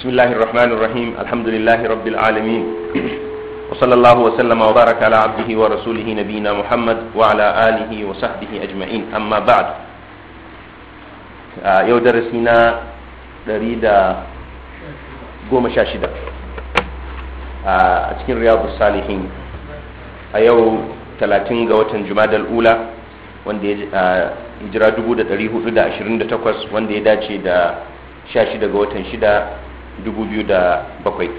بسم الله الرحمن الرحيم الحمد لله رب العالمين وصلى الله وسلم وبارك على عبده ورسوله نبينا محمد وعلى آله وصحبه أجمعين أما بعد يو درسنا دريد قوم شاشدة أتكين رياض الصالحين أيو 30 قوة جماد الأولى wanda ya hijira 1428 wanda ya dace da 16 ga watan 6 bakwai.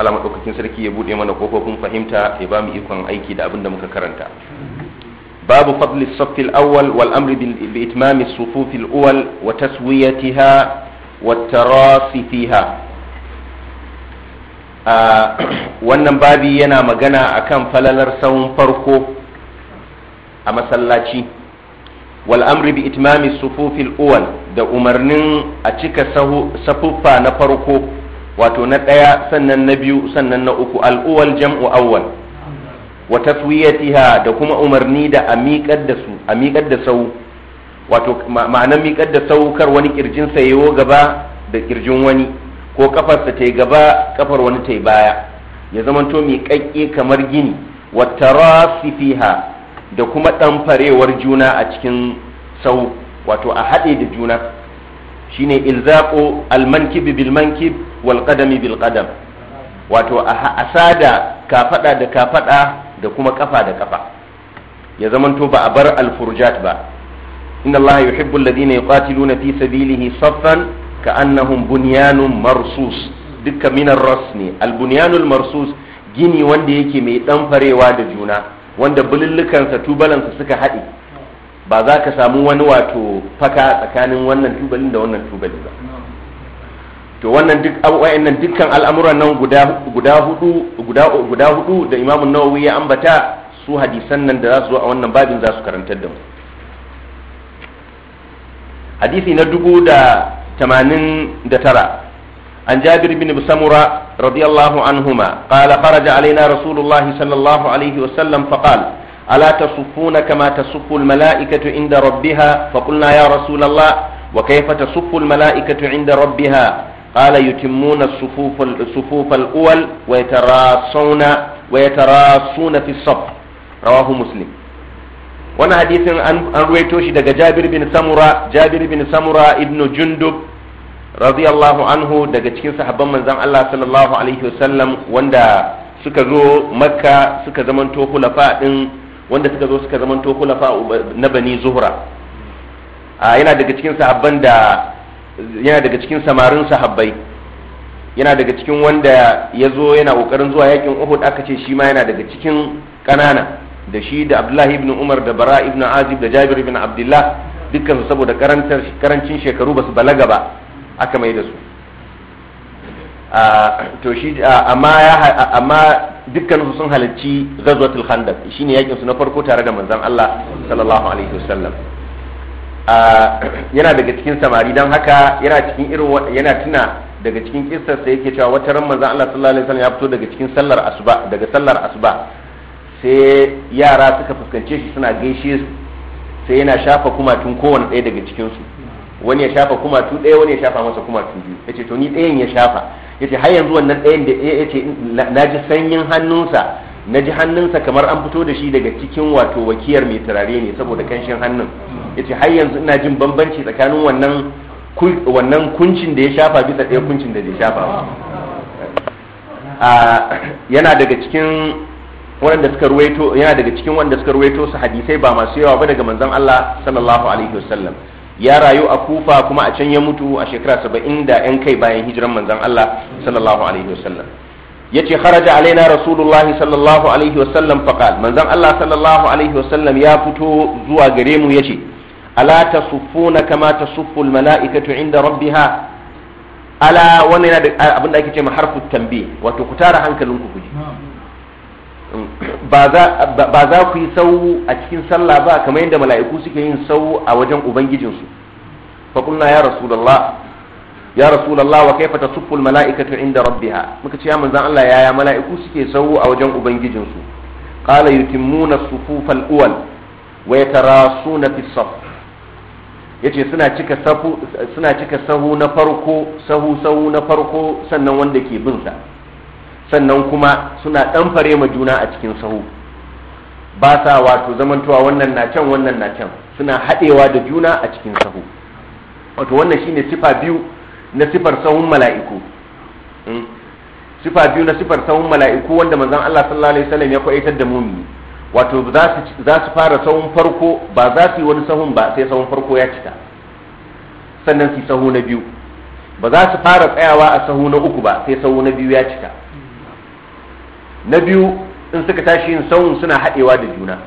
Alamar maɗaukakin sarki ya buɗe mana kofofin fahimta ya ba mu ikon aiki da abin da muka karanta babu fadli safil awwal wal amri bi itmami sufufi Uwal awwal wa taswiyatiha wa tarasi fiha wannan babi yana magana akan falalar sawun farko a masallaci wal amri bi itmami sufufil da umarnin a cika safuffa na farko wato na ɗaya sannan na biyu sannan na uku al'uwal jam'u awwal wa taswiyatiha da kuma umarni da a miƙar da su a miƙar da sau wato ma'anar miƙar da sau kar wani kirjin sayewo gaba da kirjin wani ko kafarsa ta gaba kafar wani ta baya ya zamanto miƙaƙƙe kamar gini wa tarasifiha da kuma ɗanfarewar juna a cikin sau wato a haɗe da juna shine ilzaqo almankib bil mankib wal qadami bil qadam wato a asada kafaɗa da kafaɗa da kuma ƙafa da ƙafa ya zamanto ba a bar alfurjat ba inna allaha yuhibbu alladhina yuqatiluna fi sabilihi saffan ka'annahum bunyanun marsus dukka minar ras ne albunyanul marsus gini wanda yake mai ɗanfarewa da juna wanda bulullukansa tubalansa suka haɗe ba za ka samu wani wato faka tsakanin wannan tubalin da wannan tubali ba to wannan duk nan dukkan al'amuran nan guda hudu guda hudu da imamu nawawi ya ambata su hadisan nan da za su zo a wannan babin za su karantar da mu hadisi na dubu da tamanin da tara عن جابر بن سمرة رضي الله عنهما قال خرج علينا رسول الله صلى الله عليه وسلم فقال ألا تصفون كما تصف الملائكة عند ربها فقلنا يا رسول الله وكيف تصف الملائكة عند ربها قال يتمون الصفوف الصفوف الأول ويتراصون ويتراصون في الصف رواه مسلم وانا حديث عن رويتوش دقى جابر بن سمرة جابر بن سمرة ابن جندب radiyallahu anhu daga cikin sahabban manzon Allah sallallahu alaihi wasallam wanda suka zo makka suka zamanto hulafa din wanda suka zo suka zamanto hulafa na bani zuhra yana daga cikin sahabban da yana daga cikin samarin sahabbai yana daga cikin wanda ya zo yana kokarin zuwa yakin uhud aka ce shi ma yana daga cikin kanana da shi da abdullahi ibn umar da bara ibn azib da jabir ibn abdullah dukkan su saboda karancin shekaru ba su balaga ba aka mai da su ah, ah, amma dukkaninsu dukkan su sun halarci ghazwatul khandaq shi yakin su na farko tare da manzan Allah sallallahu alaihi wasallam ah, yana daga cikin samari don haka yana cikin irin yana tuna daga cikin kissar sai yake cewa wata ran manzan Allah sallallahu alaihi wasallam ya fito daga cikin sallar asuba daga sallar asuba sai yara suka fuskance shi suna gaishe su sai yana shafa kumatun kowane ɗaya daga cikinsu. wani ya shafa kumatu ɗaya wani ya shafa masa kumatu biyu ya ce to ni ɗayan ya shafa ya ce har yanzu wannan ɗayan da ya ce na ji sanyin hannunsa na ji hannunsa kamar an fito da shi daga cikin wato wakiyar mai turare ne saboda kanshin hannun ya ce har yanzu ina jin bambanci tsakanin wannan wannan kuncin da ya shafa bisa ɗaya kuncin da bai shafa ba yana daga cikin wanda suka ruwaito yana daga cikin wanda suka ruwaito su hadisai ba masu yawa ba daga manzon Allah sallallahu alaihi wasallam ya rayu a kufa kuma a can ya mutu a shekara saba'in da yan kai bayan hijiran manzan Allah sallallahu alaihi wasallam ya ce haraja alaina rasulullah sallallahu alaihi wasallam faqal manzan Allah sallallahu alaihi wasallam ya fito zuwa gare mu ya yace ala tasuffuna kama tasuffu almala'ikatu inda rabbiha ala wannan yana da abin da ake ce ma harfu tambi wato ku tara hankalinku ku ji ba za ku yi sau a cikin sallah ba kamar yadda mala'iku suke yin sau a wajen ubangijinsu faƙulna ya rasulallah ya rasulallah wa kaifa tasuffu mala'ikatu inda rabbiha muka ce ya manzon Allah yaya mala'iku suke sau a wajen ubangijinsu qala yutimmuna sufufal uwal wa yatarasuna fi saf yace suna cika sahu suna cika sahu na farko sahu sahu na farko sannan wanda ke bin sa sannan kuma suna ɗanfare ma juna a cikin sahu ba sa wato zamantowa wannan na can wannan na can suna haɗewa da juna a cikin sahu wato wannan shine sifa biyu na sifar sahun mala'iku hmm? sifa biyu na sifar sahun mala'iku wanda manzon Allah sallallahu alaihi wasallam ya kwaitar da mumini wato za su fara sahun farko ba za su yi wani sahun ba sai sahun farko ya cika sannan su sahu na biyu ba za su fara tsayawa a sahu na uku ba sai sahu na biyu ya cika na biyu in suka tashi yin sauyin suna haɗewa da juna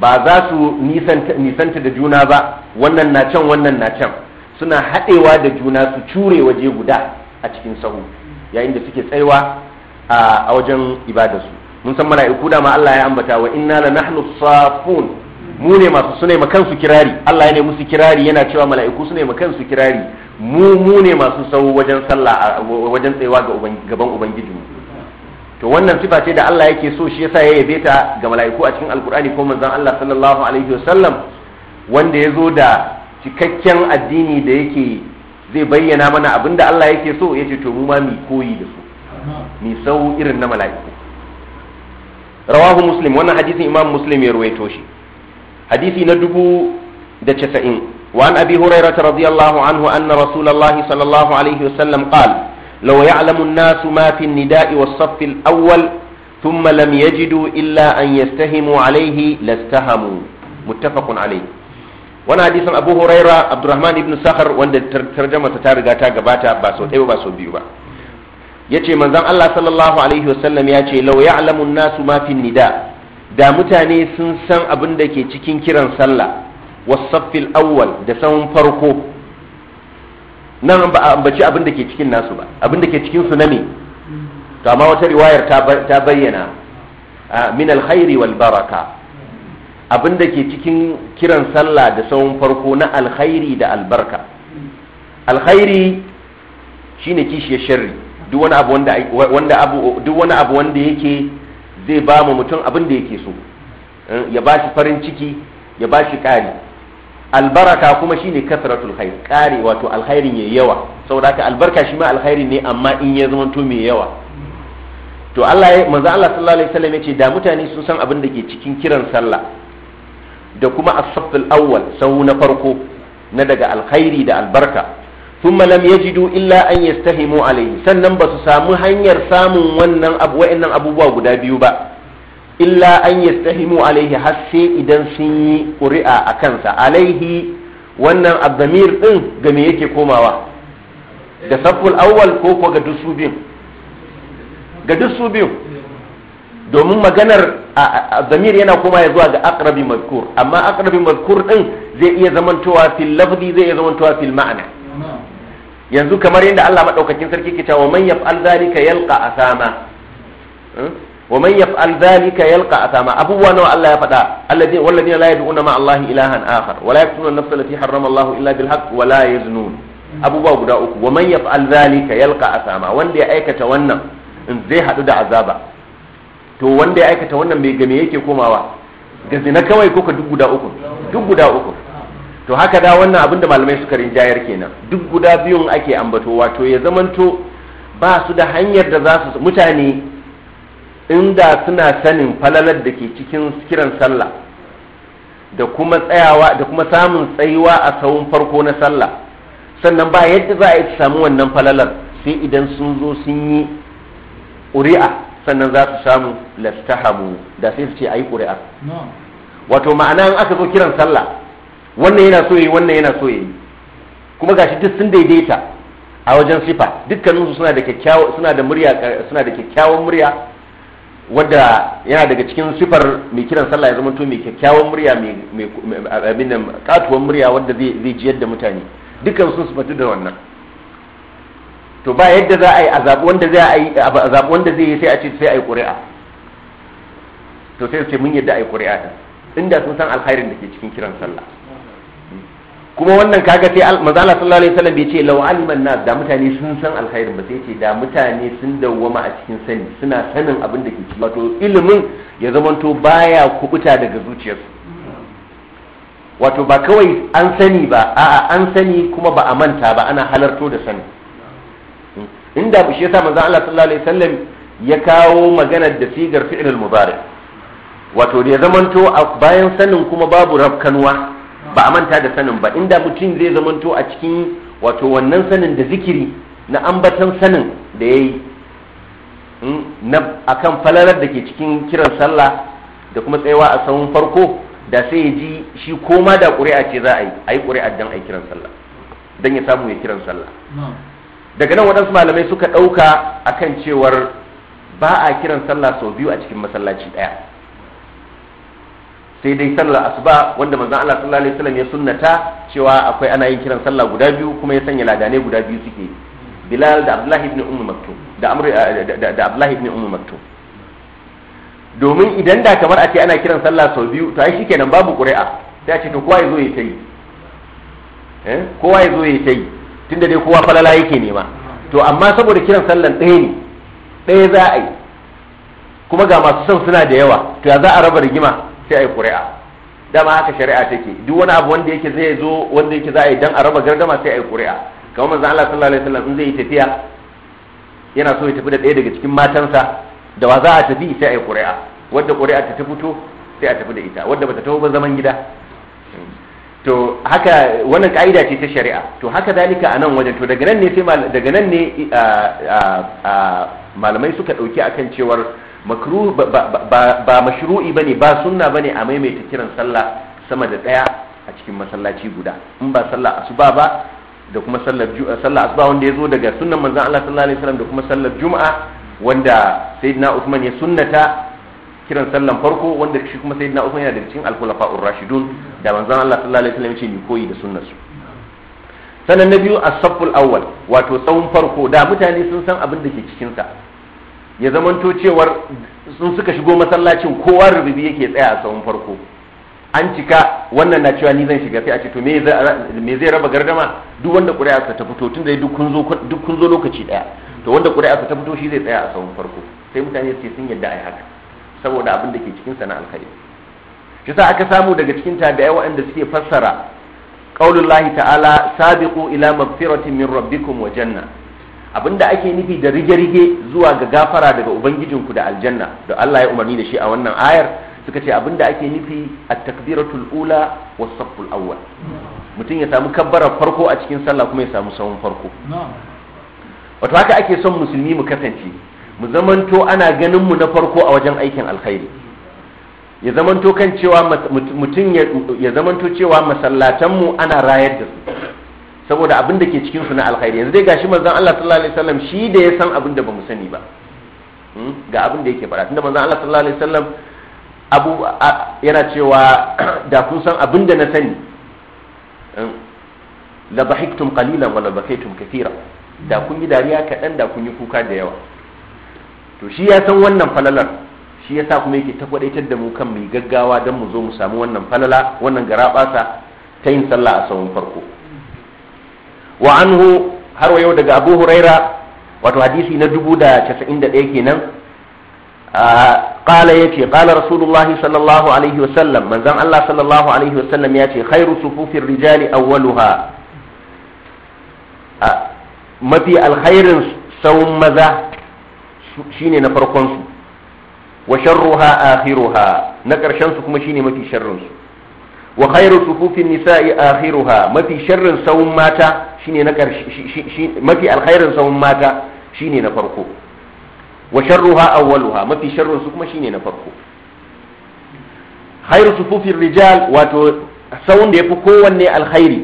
ba za su nisanta da juna ba wannan na can wannan na can suna haɗewa da juna su cure waje guda a cikin sahu yayin da suke tsaiwa a wajen ibadarsu mun san mala'iku da ma Allah ya ambata wa inna la nahnu safun mu ne masu sune ma kansu kirari Allah ya ne musu kirari yana cewa mala'iku sune ma kansu kirari mu mu ne masu sau wajen sallah wajen tsaiwa ga gaban ubangijinmu to wannan sifa ce da Allah yake so shi yasa ya yabe ta ga mala'iku a cikin alkur'ani ko manzon Allah sallallahu alaihi wasallam wanda ya zo da cikakken addini da yake zai bayyana mana abin da Allah yake so ya ce to mu ma mi koyi da su mi sau irin na mala'iku rawahu muslim wannan hadisin imam muslim ya ruwaito shi hadisi na dubu da casa'in wa an abi hurairah radiyallahu anhu anna rasulullahi sallallahu alaihi wasallam qala law ya'lamu nasu ma nida an-nida'i was-saff al-awwal lam yajidu illa an yastahimu alayhi lastahamu muttafaqun alayh wannan hadisin Abu Huraira Abdulrahman ibn Sakhar wanda tarjama ta riga ta gabata ba sau ɗaya ba sau biyu ba yace manzon Allah sallallahu alaihi wasallam ya ce law ya'lamu nasu ma nida da mutane sun san abin da ke cikin kiran sallah wasaffil awwal da san farko nan ba a ambaci abin da ke cikin nasu ba abin da ke cikin su na ne to amma wata riwayar ta bayyana min alkhairi wal baraka abin da ke cikin kiran sallah da sauran farko na alkhairi da albarka alkhairi shine kishiyar sharri duk wani abu wanda wanda abu duk wani abu wanda yake zai ba mu mutum abin da yake so eh, ya ba shi farin ciki ya ba shi ƙari albaraka kuma shine kasratul khair kare wato alkhairin yayi yawa saboda haka albarka shi ma alkhairi ne amma in ya zama to mai yawa to Allah ya manzo Allah sallallahu alaihi wasallam ce da mutane sun san abin da ke cikin kiran sallah da kuma as-safful awwal sau na farko na daga alkhairi da albarka thumma lam yajidu illa an yastahimu alaihi sannan ba su samu hanyar samun wannan abu wa'annan abubuwa guda biyu ba illa an yastahimu alaihi har sai idan sun yi ƙuri'a a kansa alaihi wannan abdamir din ga me yake komawa da saful awwal ko ko ga dusu biyu ga dusu domin maganar zamir yana koma ya zuwa ga akrabi mazkur amma akrabi mazkur din zai iya zamantowa fil lafzi zai iya zamantowa fil ma'ana yanzu kamar yadda Allah madaukakin sarki ke cewa man yaf'al zalika yalqa asama hmm? wa man yaf'al dhalika yalqa athama abubuwa nawa Allah ya fada alladhi walladhina la yad'una ma Allah ilahan akhar wa la yaqtuluna an-nafsa allati harrama Allah illa bil haqq wa la yaznun abubuwa guda uku wa man yaf'al dhalika yalqa athama wanda ya aikata wannan in zai hadu da azaba to wanda ya aikata wannan bai game yake komawa ga zina kawai ko ka duk guda uku duk guda uku to haka da wannan abinda malamai suka rinjayar kenan duk guda biyun ake ambato wato ya zamanto ba su da hanyar da za su mutane inda suna sanin falalar da ke cikin kiran sallah da kuma tsayawa da kuma samun tsayuwa a tsawon farko na sallah sannan ba yadda za a yi samu wannan falalar sai idan sun zo sun yi ƙuri'a sannan za su samu lastahamu da sai su ce a yi ƙuri'a wato ma'ana in aka zo kiran sallah wannan yana so yi wannan yana so yi kuma gashi duk sun daidaita a wajen sifa dukkaninsu suna da suna da murya suna da kyakkyawan murya wadda yana daga cikin sifar mai kiran sallah ya zama to mai kyakkyawan murya mai katuwan murya wadda zai ji yadda mutane dukkan sun sufatu da wannan to ba yadda za a yi a zaɓi wanda zai yi sai a ce sai a yi ƙuri'a to sai sai mun yadda a yi ƙuri'a ta inda sun san alkhairin da ke cikin kiran sallah kuma wannan kaga sai manzo Allah sallallahu alaihi wasallam bai ce law aliman nas da mutane sun san alkhairin ba sai ce da mutane sun dawwama a cikin sani suna sanin abin da ke ciki wato ilimin ya zamanto baya kubuta daga zuciyarsu wato ba kawai an sani ba a'a an sani kuma ba a manta ba ana halarto da sani inda shi yasa manzo Allah sallallahu alaihi wasallam ya kawo maganar da sigar fi'il mudari wato da ya zamanto bayan sanin kuma babu rabkanwa. ba a manta da sanin ba inda mutum zai zamanto a cikin wato wannan sanin da zikiri na ambatan sanin da ya yi hmm, a kan falalar da ke cikin kiran sallah da kuma tsayawa a sahun farko da sai ya ji shi koma da ƙuri'a ce za a yi a yi ƙuri'a don a yi kiran sallah don ya samu ya kiran sallah daga nan waɗansu malamai suka ɗauka a kan cewar ba a kiran sallah sau biyu a cikin masallaci ɗaya sai dai sallar asuba wanda manzon Allah sallallahu alaihi wasallam ya sunnata cewa akwai ana yin kiran sallah guda biyu kuma ya sanya ladane guda biyu suke Bilal da Abdullah ibn Umm Maktum da Amr eh, da Abdullah ibn Umm Maktum domin idan da kamar a ce ana kiran sallah sau biyu to ai shikenan babu ƙuri'a sai a ce to kowa ya zo ya tayi eh kowa ya zo ya tayi tunda dai kowa falala yake nema to amma saboda kiran sallan ɗaya ne ɗaya za a yi kuma ga masu son suna da yawa to ya za a raba rigima sai a yi ƙuri'a dama haka shari'a take duk wani abu wanda yake zai zo wanda yake za a yi dan a raba gardama sai a yi ƙuri'a kamar manzon Allah sallallahu alaihi wasallam in zai yi tafiya yana so ya tafi da ɗaya daga cikin matansa da wa za a tafi sai a yi ƙuri'a wadda ƙuri'a ta fito sai a tafi da ita wadda bata taho ba zaman gida to haka wannan ka'ida ce ta shari'a to haka dalika a nan wajen to daga nan ne sai daga nan ne eh, eh, eh, malamai suka ɗauki akan cewar makruh ba mashru'i bane ba sunna bane a maimaita kiran sallah sama da daya a cikin masallaci guda in ba sallah asuba ba da kuma sallar sallah asuba wanda ya zo daga sunnan manzon Allah sallallahu alaihi wasallam da kuma sallar juma'a wanda sayyidina Uthman ya sunnata kiran sallan farko wanda shi kuma sayyidina Uthman yana da cikin al-khulafa'ur rashidun da manzon Allah sallallahu alaihi wasallam ya ce ni koyi da sunnar su sanan na biyu as-safful awwal wato tsawon farko da mutane sun san abin da ke cikin sa ya zamanto cewar sun suka shigo masallacin kowa rububi yake tsaya a tsawon farko an cika wannan na cewa ni zan shiga sai a ce to me zai raba gardama duk wanda ƙuri'a ta fito tun da duk kun zo lokaci ɗaya to wanda ƙuri'a ta fito shi zai tsaya a tsawon farko sai mutane su sun yadda a haka saboda abin da ke cikin sana alkhairi shi sa aka samu daga cikin da tabi'ai waɗanda suke fassara qaulullahi ta'ala sabiqu ila magfiratin min rabbikum wa janna abinda ake nufi da rige-rige zuwa ga gafara daga ubangijinku da aljanna da Allah ya umarni da shi a wannan ayar suka ce abin da ake nufi a takbiratul ula wa saful awwal mutum ya samu kabbarar farko a cikin sallah kuma ya samu sawon farko wato haka ake son musulmi mu kasance mu zamanto ana ganin mu na farko a wajen aikin alkhairi ya zamanto kan cewa mutum ya zamanto cewa masallatan mu ana rayar da su saboda abin da ke cikin na alkhairi yanzu dai gashi manzon Allah sallallahu alaihi wasallam shi da ya san abin da bamu sani ba hmm? ga abin da yake faɗa tunda manzon Allah sallallahu alaihi wasallam abu yana cewa da kun san abin da na sani hmm, la bahiktum qalilan wa la bakaytum da kun yi dariya kaɗan da kun yi kuka da yawa to shi ya san wannan falalar shi yasa kuma yake ta kwadaitar da mu kan mai gaggawa don mu zo mu samu wannan falala wannan garabasa ta yin sallah a sawun farko wa anhu har wa yau daga abu huraira wato hadisi na dubu da casa'in da ɗaya kenan ƙala ah, ya ce ƙala rasulullahi sallallahu alaihi wasallam manzan allah sallallahu alaihi wasallam ya ce khairu sufufin rijali awwaluha ah, mafi alkhairin saun maza shine na farkonsu wa sharruha akhiruha na ƙarshensu kuma shine mafi sharrinsu wa khairu sufufin nisa'i akhiruha mafi sharrin sawun mata shine na karshe mafi alkhairin sawun mata shine na farko wa sharruha awwaluha mafi sharrin su kuma shine na farko khairu sufufin rijal wato sawun da yafi kowanne alkhairi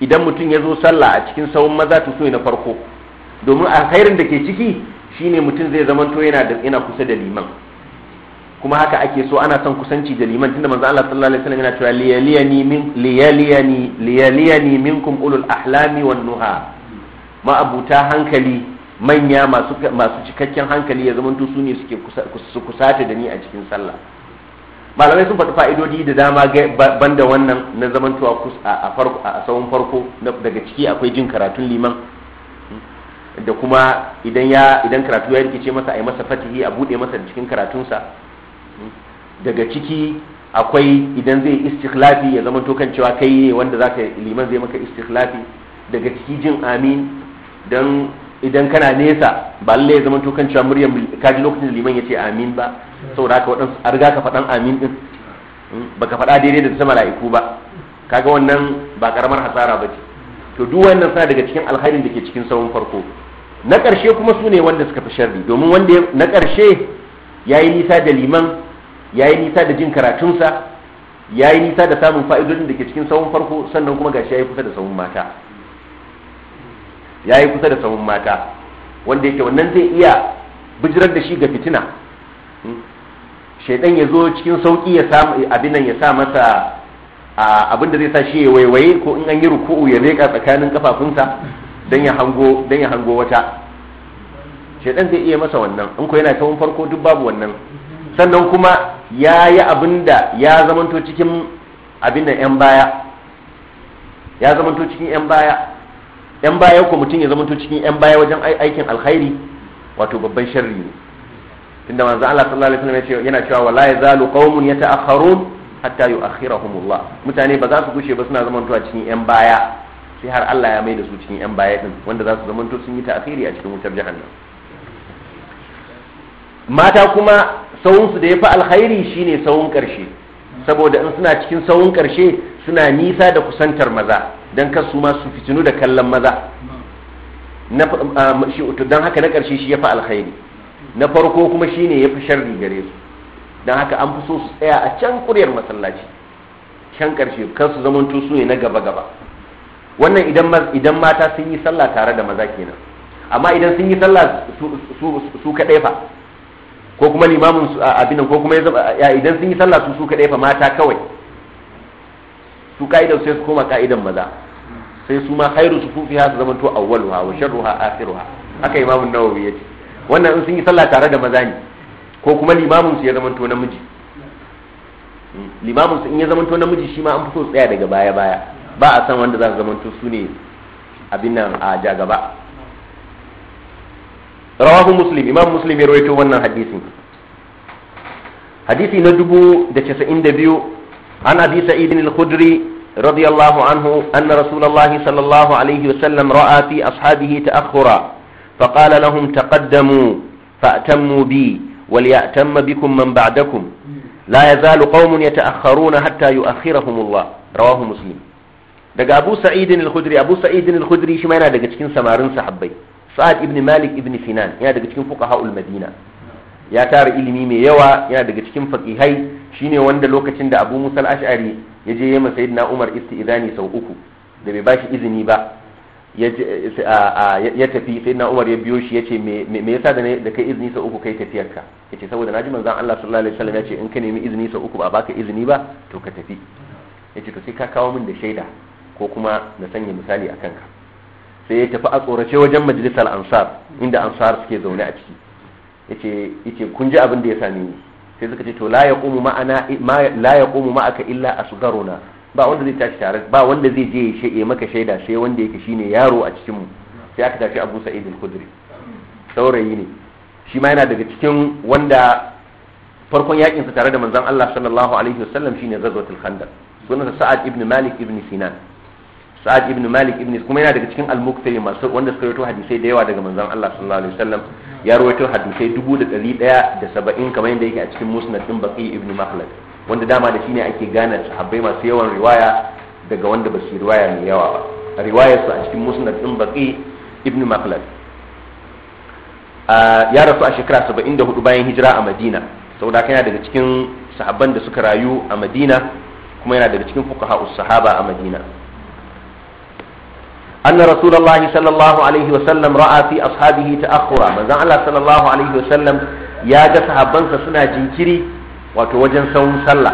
idan mutum ya zo sallah a cikin sawun maza to na farko domin alkhairin da ke ciki shine mutum zai zamanto yana kusa da liman kuma haka ake so ana son kusanci da liman tunda manzo Allah sallallahu alaihi wasallam yana cewa liyaliyani min liyaliyani liyaliyani minkum ulul ahlami wan nuha ma abuta hankali manya masu masu cikakken hankali ya zamanto su ne suke su kusata da ni a cikin sallah malamai sun faɗi fa'idodi da dama banda wannan na zamantowa a farko a farko daga ciki akwai jin karatun liman da kuma idan ya idan karatu ya rikice masa a yi masa fatihi a buɗe masa da cikin karatunsa daga ciki akwai idan zai istikhlafi ya zama to kan cewa kai ne wanda zaka liman zai maka istikhlafi daga ciki jin amin dan idan kana nesa ba lalle ya zama to kan cewa muryar kaji lokacin da liman ya ce amin ba saboda haka wadansu a riga ka faɗan amin din hmm, baka faɗa daidai da ta mala'iku ba kaga wannan ba karamar hasara ba ce to duk wannan suna daga cikin alkhairin da ke cikin sauran farko na ƙarshe kuma su ne wanda suka fi sharri domin wanda na ƙarshe ya yi nisa da liman ya yi nisa da jin karatunsa ya yi nisa da samun fa'idodin da ke cikin tsawon farko sannan kuma gashi ya yi kusa da sahun mata ya yi kusa da sahun mata wanda yake wannan zai iya bijirar da shi ga fitina hmm? shaidan ya zo cikin sauƙi ya samu abin nan ya sa masa abin da zai sa shi ya waiwaye ko in an yi ruku'u ya leƙa tsakanin kafafunsa don ya hango don ya hango wata shaidan zai iya masa wannan in ko yana tsawon farko duk babu wannan sannan kuma ya yi abin da ya zamanto cikin abin da 'yan baya ya zamanto cikin 'yan baya 'yan baya ko mutum ya zamanto cikin 'yan baya wajen aikin alkhairi wato babban sharri ne tunda manzo Allah sallallahu alaihi wasallam yana cewa wala zalu qaumun yata'akharun hatta yu'akhirahumullah mutane ba za su gushe ba suna a cikin 'yan baya sai har Allah ya mai da su cikin 'yan baya din wanda za su zamanto sun yi ta'akhiri a cikin wutar jahannam mata kuma sawunsu da ya fi alkhairi shine tsawon ƙarshe saboda in suna cikin tsawon ƙarshe suna nisa da kusantar maza don kasu su fitinu da kallon maza don haka na ƙarshe shi ya fi alkhairi na farko kuma shine ya fi sharri gare su don haka an fi so su tsaya a can ƙuryar masallaci can ƙarshe kan su su ne na gaba-gaba wannan idan mata sun yi sallah tare da maza kenan amma idan sun yi sallah su kaɗai fa ko kuma limamin su binan ko kuma ya idan sun yi sallah su su kadai fa mata kawai su ka'idar sai su koma ka'idan maza sai su ma khairu ha su a awwaluha wa sharruha akhiruha haka imamun nawawi ce wannan in sun yi sallah tare da maza ne ko kuma limamin su ya to namiji hmm. limamin su in ya to namiji shi ma an fito tsaya daga baya baya ba a san wanda za su to su ne abin nan a jagaba rawahu muslim imam muslim ya rawaito wannan hadisi. hadisi na dubu da casa'in da biyu an hadisa sa'idin al-khudri radiyallahu anhu anna rasulallahi sallallahu alaihi wasallam ra'a fi ashabihi ta'akhkhura فقال لهم تقدموا bi wal وليأتم bikum man ba'dakum لا يزال قوم يتأخرون حتى يؤخرهم الله رواه مسلم daga Abu Sa'id al-Khudri Abu Sa'id al-Khudri shi ma yana daga cikin samarin sahabbai sa'ad ibn malik ibn sinan yana daga cikin ha'ul madina ya tara ilimi mai yawa yana daga cikin faqihai shine wanda lokacin da abu musal ash'ari ya je yamma sayyidina umar isti'zani sau uku da bai bashi izini ba ya tafi sai na umar ya biyo shi ya ce me yasa da da kai izini sau uku kai tafiyarka ya ce saboda naji manzon Allah sallallahu alaihi wasallam ya ce in ka nemi izini sau uku ba baka izini ba to ka tafi ya to sai ka kawo min da shaida ko kuma na sanya misali a kanka sai ya tafi a tsorace wajen majalisar ansar inda ansar suke zaune a ciki yace ce kun ji abin da ya same ni sai suka ce to la ya ma'ana la illa a illa na ba wanda zai tashi tare ba wanda zai je ya maka shaida sai wanda yake shine yaro a cikin sai aka tafi Abu Sa'id al kudri saurayi ne shi ma yana daga cikin wanda farkon yakin sa tare da manzon Allah sallallahu alaihi wasallam shine Ghazwatul Khandaq sunansa Sa'ad ibn Malik ibn Sinan sa'ad ibn malik ibn kuma yana daga cikin al-muktari masu wanda suka rawaito hadisai da yawa daga manzon Allah sallallahu alaihi wasallam ya rawaito hadisai 1170 kamar yadda yake a cikin musnad din baqi ibn makhlad wanda dama da shi ne ake gane sahabbai masu yawan riwaya daga wanda ba su riwaya mai yawa ba riwayar su a cikin musnad din baqi ibn makhlad ya rasu a shekara 74 bayan hijira a madina saboda yana daga cikin sahabban da suka rayu a madina kuma yana daga cikin fuqaha sahaba a madina أن رسول الله صلى الله عليه وسلم رأى في أصحابه تأخرا من زعل الله صلى الله عليه وسلم يا جسها بنس سنة جنكري وتوجن سون سلا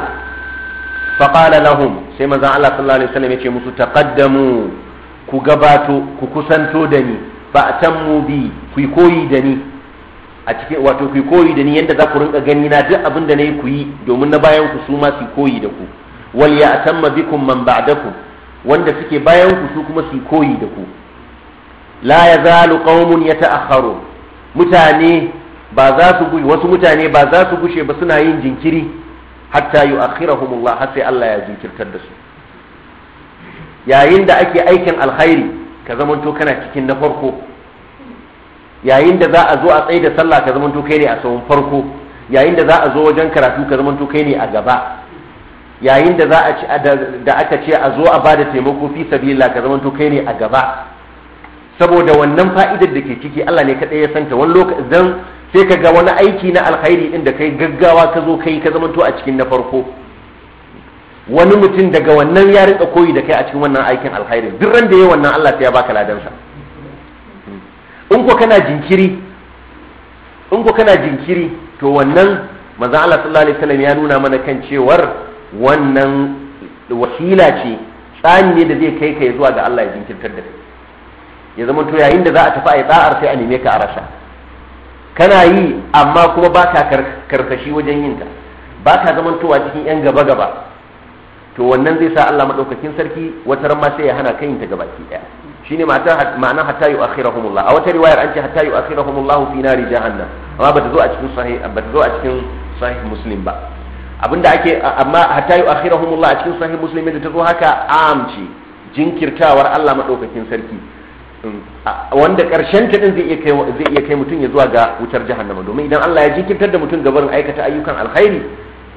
فقال لهم سيما زعل الله صلى الله عليه وسلم يتشي مسو تقدموا كقباتوا ككسنتوا دني فأتموا بي في كوي دني wato ku koyi da ni yadda za ku rinka gani na duk abin da na yi ku yi domin na bayan ku su ma su koyi da ku wal ya atamma bikum man ba'dakum wanda suke bayan ku su kuma su koyi da ku la zalu qaumun yata'akharu mutane ba za su gushe wasu mutane ba za su gushe ba suna yin jinkiri hatta yu'akhirahumullah har sai Allah ya jinkirtar da su yayin da ake aikin alkhairi ka zamanto kana cikin na farko yayin da za a zo a tsaye da sallah ka zamanto kai ne a sahun farko yayin da za a zo wajen karatu ka zamanto kai ne a gaba yayin da za a ci da aka ce a zo a bada taimako fi sabila ka zamanto kai ne a gaba saboda wannan fa'idar da ke ciki Allah ne kadai ya santa wani lokaci dan sai ka ga wani aiki na alkhairi din da kai gaggawa ka zo kai ka zamanto a cikin na farko wani mutum daga wannan ya rika koyi da kai a cikin wannan aikin alkhairi. duk ran da yayi wannan Allah sai ya baka sa in ko kana jinkiri in ko kana jinkiri to wannan maza Allah sallallahu alaihi wasallam ya nuna mana kan cewar wannan wasila ce tsani ne da zai kai ka zuwa ga Allah ya jinkirtar da kai ya zama to yayin da za a tafi a yi tsa'ar sai a neme ka a rasa kana yi amma kuma ba ka karkashi wajen yin ta ba ka zamantowa cikin yan gaba gaba to wannan zai sa Allah madaukakin sarki wata ran ma sai ya hana kai ta ki daya shine mata ma'ana hatta yu'akhirahumullah a wata riwayar an ce hatta yu'akhirahumullah fi nari jahannam amma bata zo a cikin sahih bata zo a cikin sahih muslim ba da ake amma hatta yu allah a cikin sahih muslimin da tazo haka amci jinkirtawar Allah madaukakin sarki mm, wanda karshen ta din zai iya kai zai kai mutun ya zuwa ga wutar jahannama domin idan Allah ya jinkirtar da mutun gaban aikata ayyukan alkhairi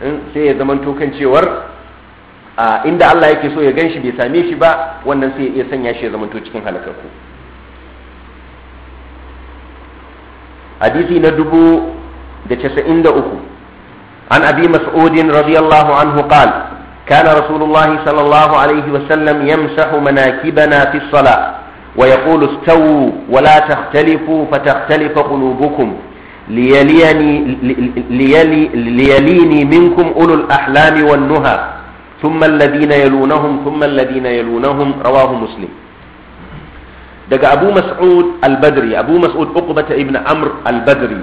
mm, sai ya zaman kan cewar inda Allah yake so ya ganshi bai same shi ba wannan sai ya iya sanya shi ya to cikin halakarku. hadisi na dubu da casa'in da uku عن أبي مسعود رضي الله عنه قال كان رسول الله صلى الله عليه وسلم يمسح مناكبنا في الصلاة ويقول استووا ولا تختلفوا فتختلف قلوبكم ليليني, ليلي ليليني منكم أولو الأحلام والنهى ثم الذين يلونهم ثم الذين يلونهم رواه مسلم دقى أبو مسعود البدري أبو مسعود أقبة ابن عمرو البدري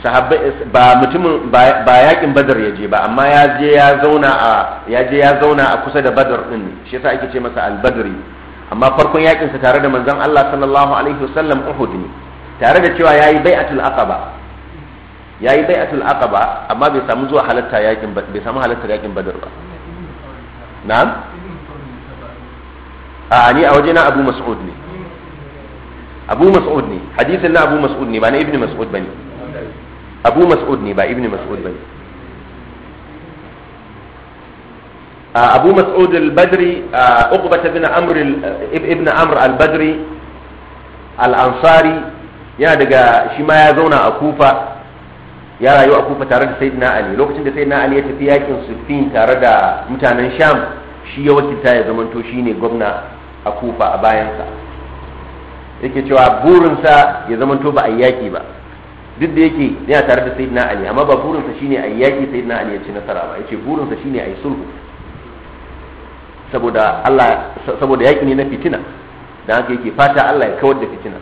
sahabbai ba mutumin ba yakin badar ya je ba amma ya je ya zauna a ya je ya zauna a kusa da badar din shi yasa ake ce masa al-badri amma farkon yakin sa tare da manzon Allah sallallahu alaihi wasallam Uhud ne tare da cewa yayi bai'atul aqaba yayi bai'atul aqaba amma bai samu zuwa halatta yakin bai samu halatta yakin badar ba na'am a ni a na Abu Mas'ud ne Abu Mas'ud ne hadisin na Abu Mas'ud ne ba na Ibn Mas'ud bane abu mas'ud ne ba ibn mas'ud bane abu mas'ud al-badri uqbata bin amr ibn amr al-badri al-ansari yana daga shi ma ya zauna a kufa ya rayu a kufa tare da sayyidina ali lokacin da sayyidina ali ya tafi yakin siffin tare da mutanen sham shi ya wakilta ya zamanto shine gwamna a kufa a bayansa yake cewa burinsa ya zamanto ba a yi yaƙi ba duk da yake yana tare da sayyidina ali amma ba burinsa shine a yaki sayyidina ali ya ci nasara ba yace burinsa shine a yi sulhu saboda Allah saboda yaki ne na fitina dan haka yake fata Allah ya kawar da fitina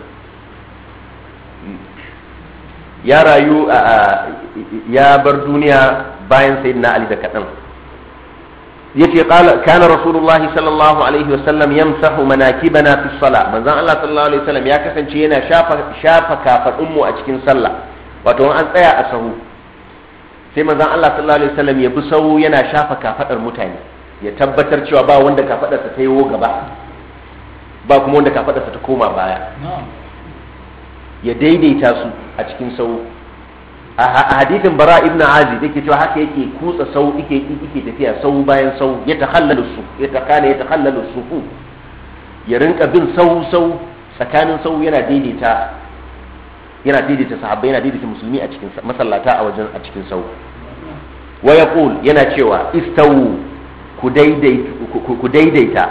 ya rayu ya bar duniya bayan sayyidina ali da kadan yace qala kana rasulullahi sallallahu alaihi wasallam yamsahu manakibana fi salah manzon Allah sallallahu alaihi wasallam ya kasance yana shafa shafa kafadun mu a cikin sallah wato an tsaya a sahu sai manzon Allah sallallahu alaihi wasallam ya bi sahu yana shafa kafadar mutane ya tabbatar cewa ba wanda kafadar ta yiwo gaba ba kuma wanda kafadar ta koma baya ya daidaita su a cikin sahu a hadithin bara ibn azi yake cewa haka yake kutsa sau yake yake tafiya sau bayan sau ya takhallalu su ya takala ya takhallalu su ya rinka bin sau sau tsakanin sau yana daidaita yana daidaita sahabbai yana daidaita musulmi a cikin masallata a wajen a cikin sau wa yaqul yana cewa istawu ku daidaita ku daidaita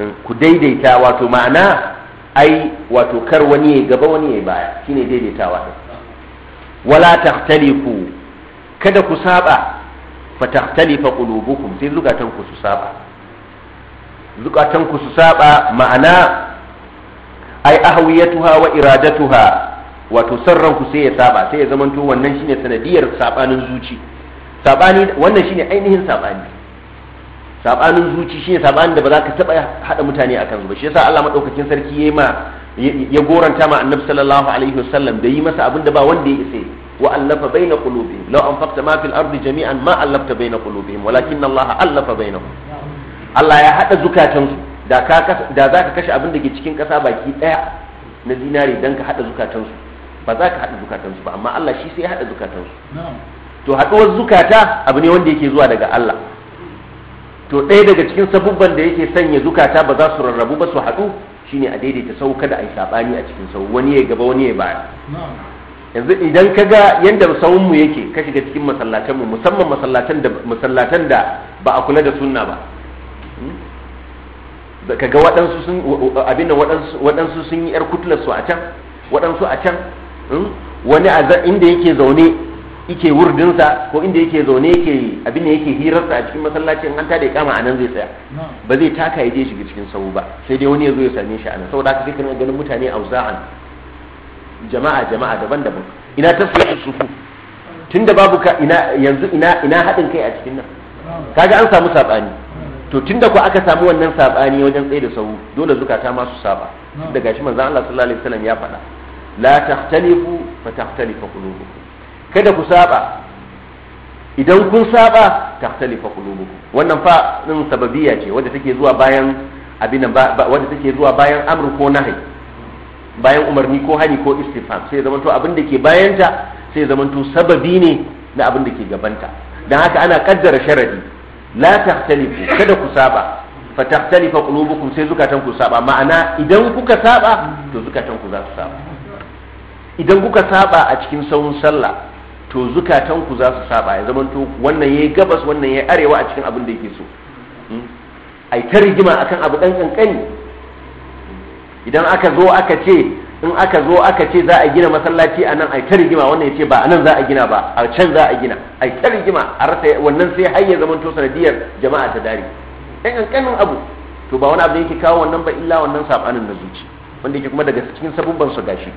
hmm, ku daidaita wato ma'ana ai wato kar wani ya gaba wani ya baya shine daidaitawa wala takhtalifu kada ku saba fa takhtalifa qulubukum sai zukatan ku su saba zukatan ku su saba ma'ana ai ahwiyatuha wa iradatuha wato sarran ku sai ya saba sai ya zamanto wannan shine sanadiyar sabanin zuci sabani wannan shine ainihin sabani sabanin zuci shine sabanin da ba za ka taba hada mutane akan su shi yasa Allah madaukakin sarki yayi ma ya goranta ma annabi sallallahu alaihi wasallam da yi masa abin da ba wanda ya isa وألف بين قلوبهم لو أنفقت ما في الأرض جميعا ما ألفت بين قلوبهم ولكن الله ألف بينهم الله يا حتى زكاتهم da za ka kashe abin da ke cikin ƙasa baki ɗaya na zinari don ka haɗa zukatansu ba za ka haɗa zukatansu ba amma Allah shi sai ya haɗa zukatansu to haɗuwar zukata abu ne wanda yake zuwa daga Allah to ɗaya daga cikin sabubban da yake sanya zukata ba za su rarrabu ba su haɗu shine a daidaita sau kada a yi saɓani a cikin sau wani ya gaba wani ya baya yanzu idan ka ga yadda sawunmu yake ka shiga cikin masallatanmu musamman masallatan da masallatan da ba a kula da sunna ba hmm? ka ga waɗansu sun abin waɗansu sun yi 'yar kutlar su a can waɗansu a can hmm? wani a inda yake zaune yake wurdinsa ko inda yake zaune yake abin da yake hirarsa a cikin masallacin an tada kama a nan zai tsaya ba zai taka ya je shiga cikin sawu ba sai dai wani ya zo ya same shi a nan saboda haka sai kana ganin mutane a auza'an jama'a jama'a daban-daban ina su sufu tunda babu ka ina yanzu ina ina haɗin kai a cikin nan kaga an samu sabani to tunda ku aka samu wannan sabani wajen tsaye da sahu dole zukata ma su saba da gashi manzo Allah sallallahu alaihi wasallam ya faɗa la tahtalifu fa tahtalifu qulubukum kada ku saba idan kun saba tahtalifu qulubukum wannan fa din sababiyya ce wadda take zuwa bayan abin wanda take zuwa bayan amru ko nahi. bayan umarni ko hani ko istifam sai to abin da ke bayanta sai to sababi ne na abin da ke gabanta Don haka ana kaddara sharadi la tahtalifu kada ku saba fa tahtalifa qulubukum sai zukatan ku saba ma'ana idan kuka saba to zukatan ku za su saba idan kuka saba a cikin sauran sallah to zukatan ku za su saba ya to wannan yayi gabas wannan yayi arewa a cikin abin da yake so hmm? ai ta rigima akan abu dan kankani idan aka zo aka ce in aka zo aka ce za a gina masallaci a nan a ta rigima wannan ya ce ba a nan za a gina ba a can za a gina a ta rigima a rasa wannan sai har ya to sanadiyar jama'a ta dare ɗan ƙanƙanin abu to ba wani abu da yake kawo wannan ba illa wannan sabanin na zuci wanda yake kuma daga cikin sabubban su gashi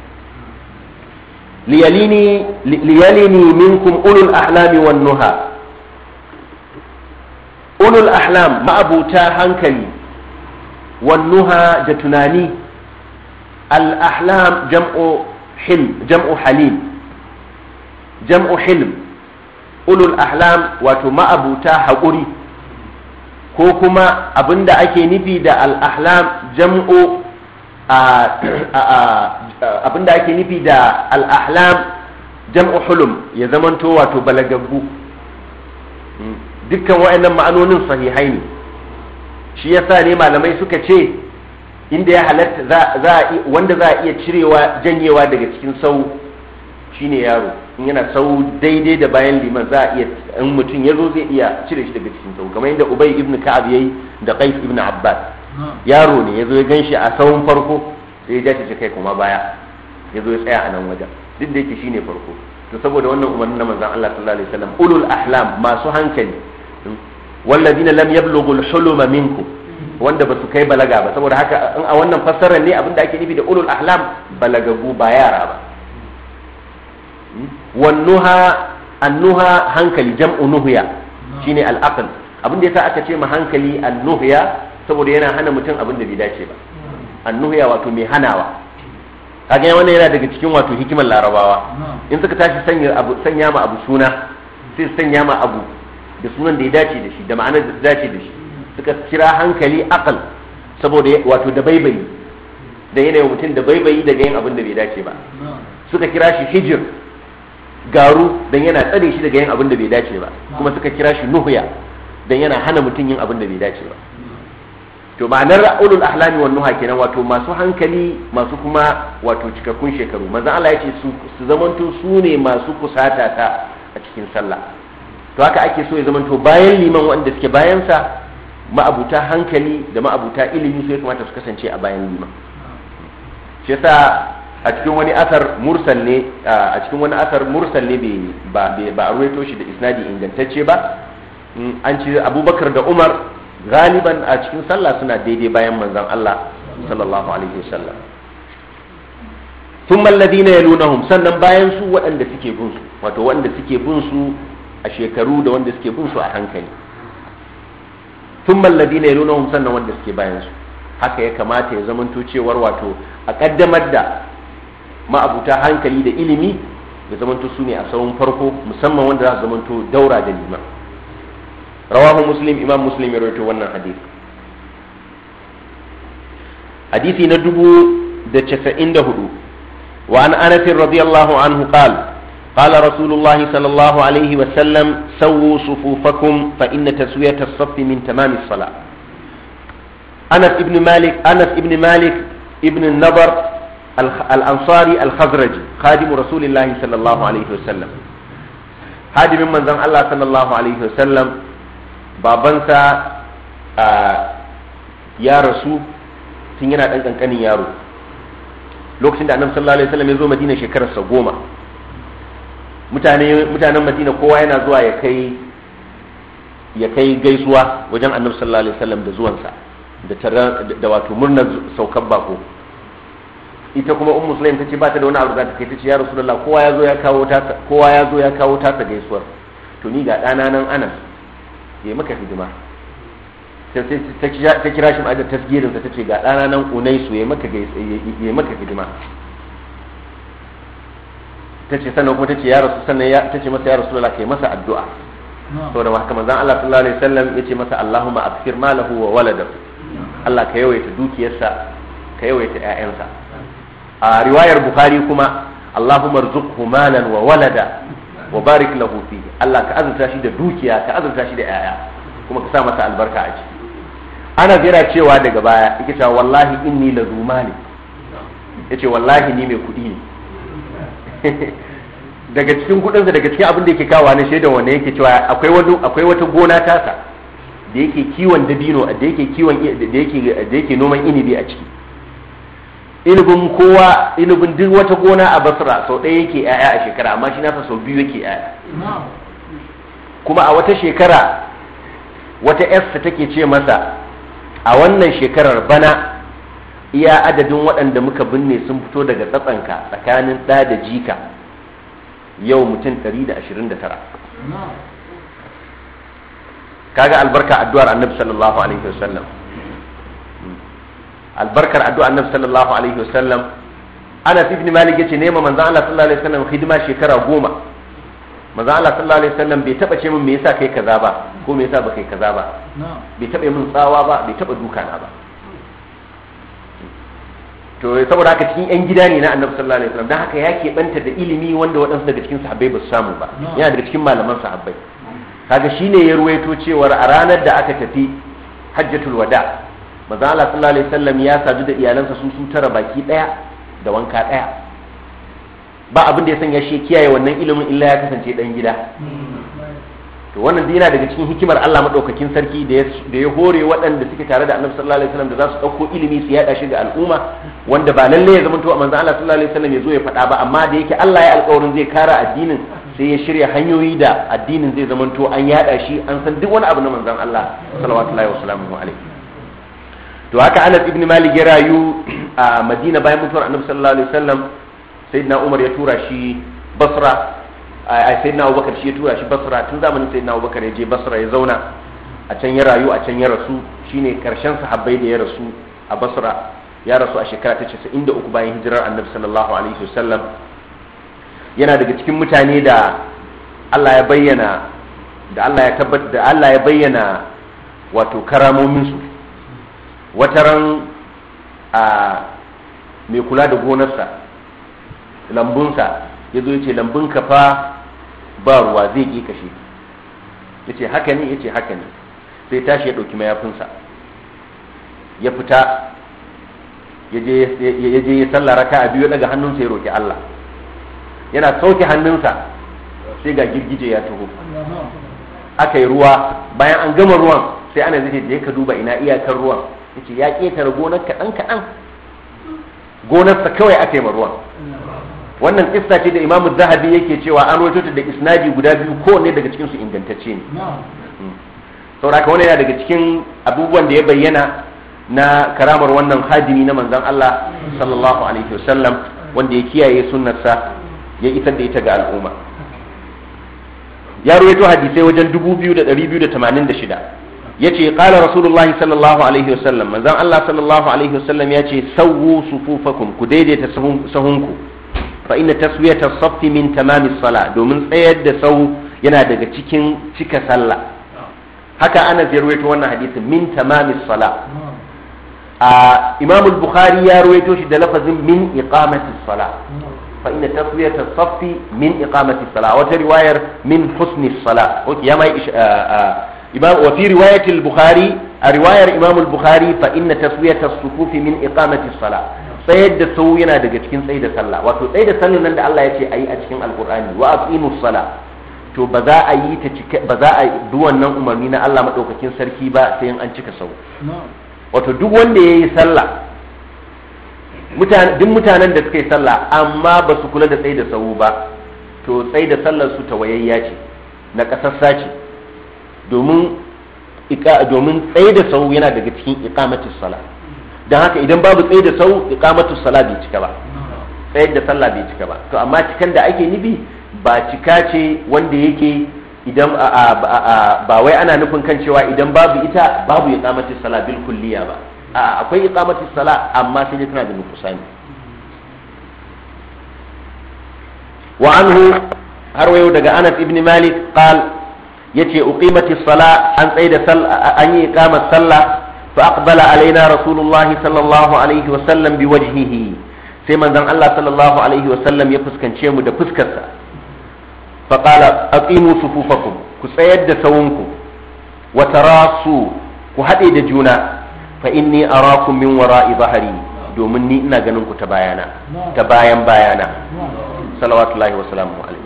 liyalini liyalini minkum ulul ahlami wan nuha ulul ahlam ma'abuta hankali wan nuha da tunani al-ahlam jam'u hilm jam'u hilm ulul ahlam wato ma'abuta haƙuri ko kuma abinda ake nufi da al'ahlam ahlam jam'u abinda ake nufi da al-ahlam jam'u hulum ya zamanto wato balagaggu dukkan wa'annan ma'anonin sahihai ne shi yasa ne malamai suka ce inda ya halatta wanda za iya cirewa janyewa daga cikin sau shine yaro in yana sau daidai da bayan liman za iya in mutum yazo zai iya cire shi daga cikin sau kamar yadda ubay ibn ka'ab yayi da qais ibn abbas yaro ne ya zo ya ganshi a sauran farko sai ya dace kai kuma baya ya ya tsaya a nan wajen duk da yake shine farko to saboda wannan umarnin na manzon Allah sallallahu alaihi wasallam ulul ahlam masu hankali walladina lam yablughu al-huluma minkum wanda ba su kai balaga ba saboda haka in a wannan fassarar ne abinda ake nufi da ulul ahlam balagagu ba yara ba hmm? wannuha annuha hankali jam'u nuhya shine al-aql abinda yasa aka ce ma hankali annuhya saboda yana hana mutum abin da bai dace ba annuhya wato mai hanawa kaga wannan yana daga cikin wato hikimar larabawa hmm. in suka tashi sanya abu sanya ma abu suna sai sanya ma abu da sunan da ya dace da shi da ma'anar da ya dace da shi suka kira hankali akal saboda wato da baibayi da yanayin mutum da baibayi daga yin abin da bai dace ba suka kira shi hijir garu don yana tsare shi daga yin abin da bai dace ba kuma suka kira shi nuhuya don yana hana mutum yin abin da bai dace ba to ma'anar ulul ahlami wan nuha kenan wato masu hankali masu kuma wato cikakkun shekaru manzon Allah yace su su zamanto su ne masu kusatata a cikin sallah to haka ake so ya zamanto bayan liman wanda suke bayansa. ma'abuta hankali da ma'abuta ilimi su ya kamata su kasance a bayan liman shi yasa a cikin wani asar mursal ne a cikin wani asar mursal ne ba a ruwaito shi da isnadi ingantacce ba mm, an ci abubakar da umar galiban a cikin sallah suna daidai bayan manzon allah sallallahu alaihi wasallam na ya yalunahum sannan bayan su waɗanda suke bin su wato waɗanda suke bin su a shekaru da wanda suke bin su a hankali tun mallabi ne nuna sannan wanda suke bayansu haka ya kamata ya zamanto cewar wato a kaddamar da ma'abuta hankali da ilimi ya zamanto su ne a tsawon farko musamman wanda za su zamanto daura da liman rawahu muslim imam muslim ya rawaito wannan hadisi hadisi na dubu da casa'in da hudu wa an anasin radiyallahu anhu qala قال رسول الله صلى الله عليه وسلم سووا صفوفكم فإن تسوية الصف من تمام الصلاة أنس ابن مالك أنس ابن مالك ابن النضر الأنصاري الخزرجي خادم رسول الله صلى الله عليه وسلم خادم من زم الله صلى الله عليه وسلم بابنسا يا رسول تنينا أن كان يارو لوكسين أنم صلى الله عليه وسلم يزوم مدينة شكرا goma. mutanen madina kowa yana zuwa ya kai ya kai gaisuwa wajen annabi sallallahu alaihi wasallam da zuwansa da tara da wato murnar saukar bako ita kuma ummu sulaim tace ba ta da wani abu da ta kai tace ya rasulullah kowa ya zo ya kawo ta kowa ya zo ya kawo ta ta gaisuwar to ni ga dana nan anan yayi maka hidima sai ta kira shi ma'ajar tasgirin ta ce ga dana nan unaisu yayi maka yayi maka hidima ta ce sannan kuma ta ce ya rasu sannan ta ce masa ya rasu lalla ke masa addu'a da haka manzon Allah sallallahu alaihi wasallam ya ce masa Allahumma akfir malahu wa waladar Allah ka yawaita dukiyarsa ka yawaita ƴaƴansa a riwayar Bukhari kuma Allahumma rzuqhu malan wa walada wa barik lahu fi Allah ka azurta shi da dukiya ka azurta shi da ƴaƴa kuma ka sa masa albarka a ciki ana jira cewa daga baya yake cewa wallahi inni la zumali yace wallahi ni mai kuɗi ne daga cikin kudinsa daga cikin abin da yake kawo na shaidan wanda yake cewa akwai wani akwai wata gona tasa da yake kiwon dabino da yake kiwon da yake da yake noman inibi a ciki inibin kowa inibin duk wata gona a basra sau ɗaya yake yaya a shekara amma shi nasa sau biyu yake yaya kuma a wata shekara wata yarsa take ce masa a wannan shekarar bana iya adadin waɗanda muka binne sun fito daga tsatsanka tsakanin ɗa da jika yau mutum 129 kaga albarka addu'ar annabi sallallahu alaihi wasallam albarkar addu'ar annabi sallallahu alaihi wasallam ana ibn Malik yace nema manzon Allah sallallahu alaihi wasallam hidima shekara goma manzon Allah sallallahu alaihi wasallam bai taba ce min me yasa kai kaza ba ko me yasa ba kai kaza ba bai taba min tsawa ba bai taba duka na ba to saboda haka cikin yan gida ne na annabi sallallahu alaihi wasallam dan haka ya keɓanta da ilimi wanda wadansu daga cikin sahabbai ba su samu ba yana daga cikin malaman sahabbai kaga shine ya ruwaito cewar a ranar da aka tafi hajjatul wada manzo Allah sallallahu alaihi wasallam ya sadu da iyalansa su su tara baki daya da wanka daya ba abin da ya sanya shi kiyaye wannan ilimin illa ya kasance dan gida to wannan yana daga cikin hikimar Allah madaukakin sarki da ya hore waɗanda suke tare da Annabi sallallahu alaihi wasallam da za su ɗauko ilimi su yada shi ga al'umma wanda ba lalle ya zamanto a manzan Allah sallallahu alaihi wasallam ya zo ya faɗa ba amma da yake Allah ya alƙawarin zai kara addinin sai ya shirya hanyoyi da addinin zai zamanto an yada shi an san duk wani abu na manzan Allah sallallahu alaihi wasallam to haka Anas ibn Malik ya rayu a Madina bayan mutuwar Annabi sallallahu alaihi wasallam sayyidina Umar ya tura shi Basra a sayyidina Abubakar shi ya tura shi Basra tun zamanin sayyidina Abubakar ya je Basra ya zauna a can ya rayu a can ya rasu shine karshen sahabbai da ya rasu a Basra ya rasu a shekara ta uku bayan hijirar annabi sallallahu alaihi wasallam yana daga cikin mutane da Allah ya bayyana da Allah ya tabbata da Allah ya bayyana wato karamomin su wataran a mai kula da gonarsa lambunsa ya zo ya ce lambun ka fa ba ruwa zai ƙi kashe ya ce haka ne ya ce haka ne sai tashi ya ɗauki mayafinsa ya fita yaje je ya sallah raka a biyu daga hannunsa ya roki Allah yana sauke hannunsa sai ga girgije ya taho aka yi ruwa bayan an gama ruwan sai ana zai je ka duba ina iyakar ruwan ce ya ƙetare gonar kaɗan kaɗan gonarsa kawai aka yi ruwan wannan ƙista ce da imamu zahabi yake cewa an rawaito ta da isnadi guda biyu kowanne daga cikinsu ingantacce ne hmm. saboda haka wani yana daga cikin abubuwan da ya bayyana na karamar wannan hadimi na manzan Allah sallallahu alaihi wasallam wanda ya kiyaye sunnarsa ya isar da ita ga al'umma ya ruwaito hadisai wajen 2286 yace qala rasulullahi sallallahu alaihi wasallam manzan Allah sallallahu alaihi wasallam yace sawwu sufufakum ku daidaita sahunku fa inna taswiyata as-saffi min tamamis salah domin tsayar da sau yana daga cikin cika sallah haka ana ziyarwaito wannan hadisin min tamamis salah a imam bukhari ya ruwaito shi da lafazin min iqamati sala fa inna taswiyat as-saffi min iqamati sala wata riwayar min husni sala okay ya mai imam wa fi riwayat al-bukhari a riwayar imam al-bukhari fa inna taswiyat as-sufuf min iqamati sala tsayar da sau yana daga cikin tsayi da sallah wato tsayi da sallah nan da Allah ya ce ayi a cikin alqur'ani wa aqimus sala to ba za a yi ta ba za a yi duwan nan umarni na Allah madaukakin sarki ba sai an cika sau wato duk wanda ya yi sallah duk mutanen da suka yi sallah amma ba su kula da tsaye da sahu ba to tsaye da sallar su tawayayya ce na ƙasassa ce domin domin tsaye da sahu yana daga cikin iqamatus sala don haka idan babu tsaye da sahu iqamatus sala bai cika ba tsayar da sallah bai cika ba to amma cikan da ake nufi ba cika ce wanda yake idan ba wai ana nufin kan cewa idan babu ita babu iqamati sala bil kulliya ba a akwai iqamati sala amma sai tana da nukusani wa anhu har wayo daga Anas ibn Malik qal yace uqimati sala an tsaye da an yi iqamat sallah fa aqbala alaina rasulullahi sallallahu alaihi wa sallam bi wajhihi sai manzon Allah sallallahu alaihi wa sallam ya fuskance mu da fuskarsa faƙala aqimu sufufakum ku tsayar da sawunku wa tarasu ku haɗe da juna fa inni arakum min wara'i bahari domin ni ina ganin ku ta bayana ta bayan bayana salawatullahi wa salamu alaihi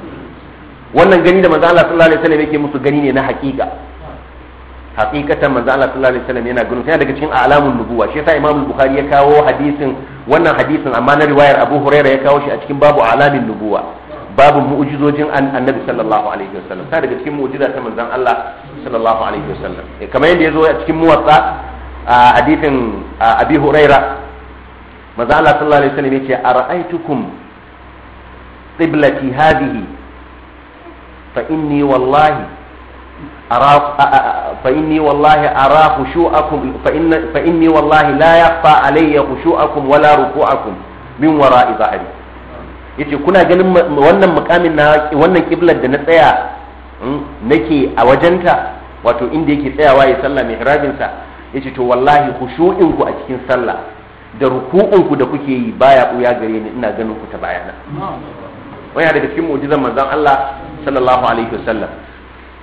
wannan gani da manzo Allah sallallahu alaihi wasallam yake musu gani ne na haƙiƙa haƙiƙatan manzo Allah sallallahu alaihi wasallam yana ganin yana daga cikin alamun nubuwa shi yasa Imam Bukhari ya kawo hadisin wannan hadisin amma na riwayar Abu Hurairah ya kawo shi a cikin babu alamin nubuwa babu mu'jizojin annabi sallallahu alaihi wasallam ta daga cikin mu'jiza ta manzon Allah sallallahu alaihi wasallam eh, kamar yadda yazo a cikin muwatta a hadithin Abi Huraira manzon Allah sallallahu alaihi wasallam yace ara'aytukum qiblati hadhihi fa inni wallahi ara fa inni wallahi ara khushu'akum fa inna fa inni wallahi la yakhfa alayya khushu'akum wala ruku'akum min wara'i dhahri yace kuna ganin wannan mukamin na wannan kiblar da na tsaya hmm, nake a wajenta wato inda yake tsayawa ya sallah mihrabin sa yace to wallahi khushu'in ku a cikin sallah da ruku'un ku da kuke yi baya buya gare ni ina ganin ku ta bayana wani daga cikin mu'jizan manzon Allah sallallahu alaihi wasallam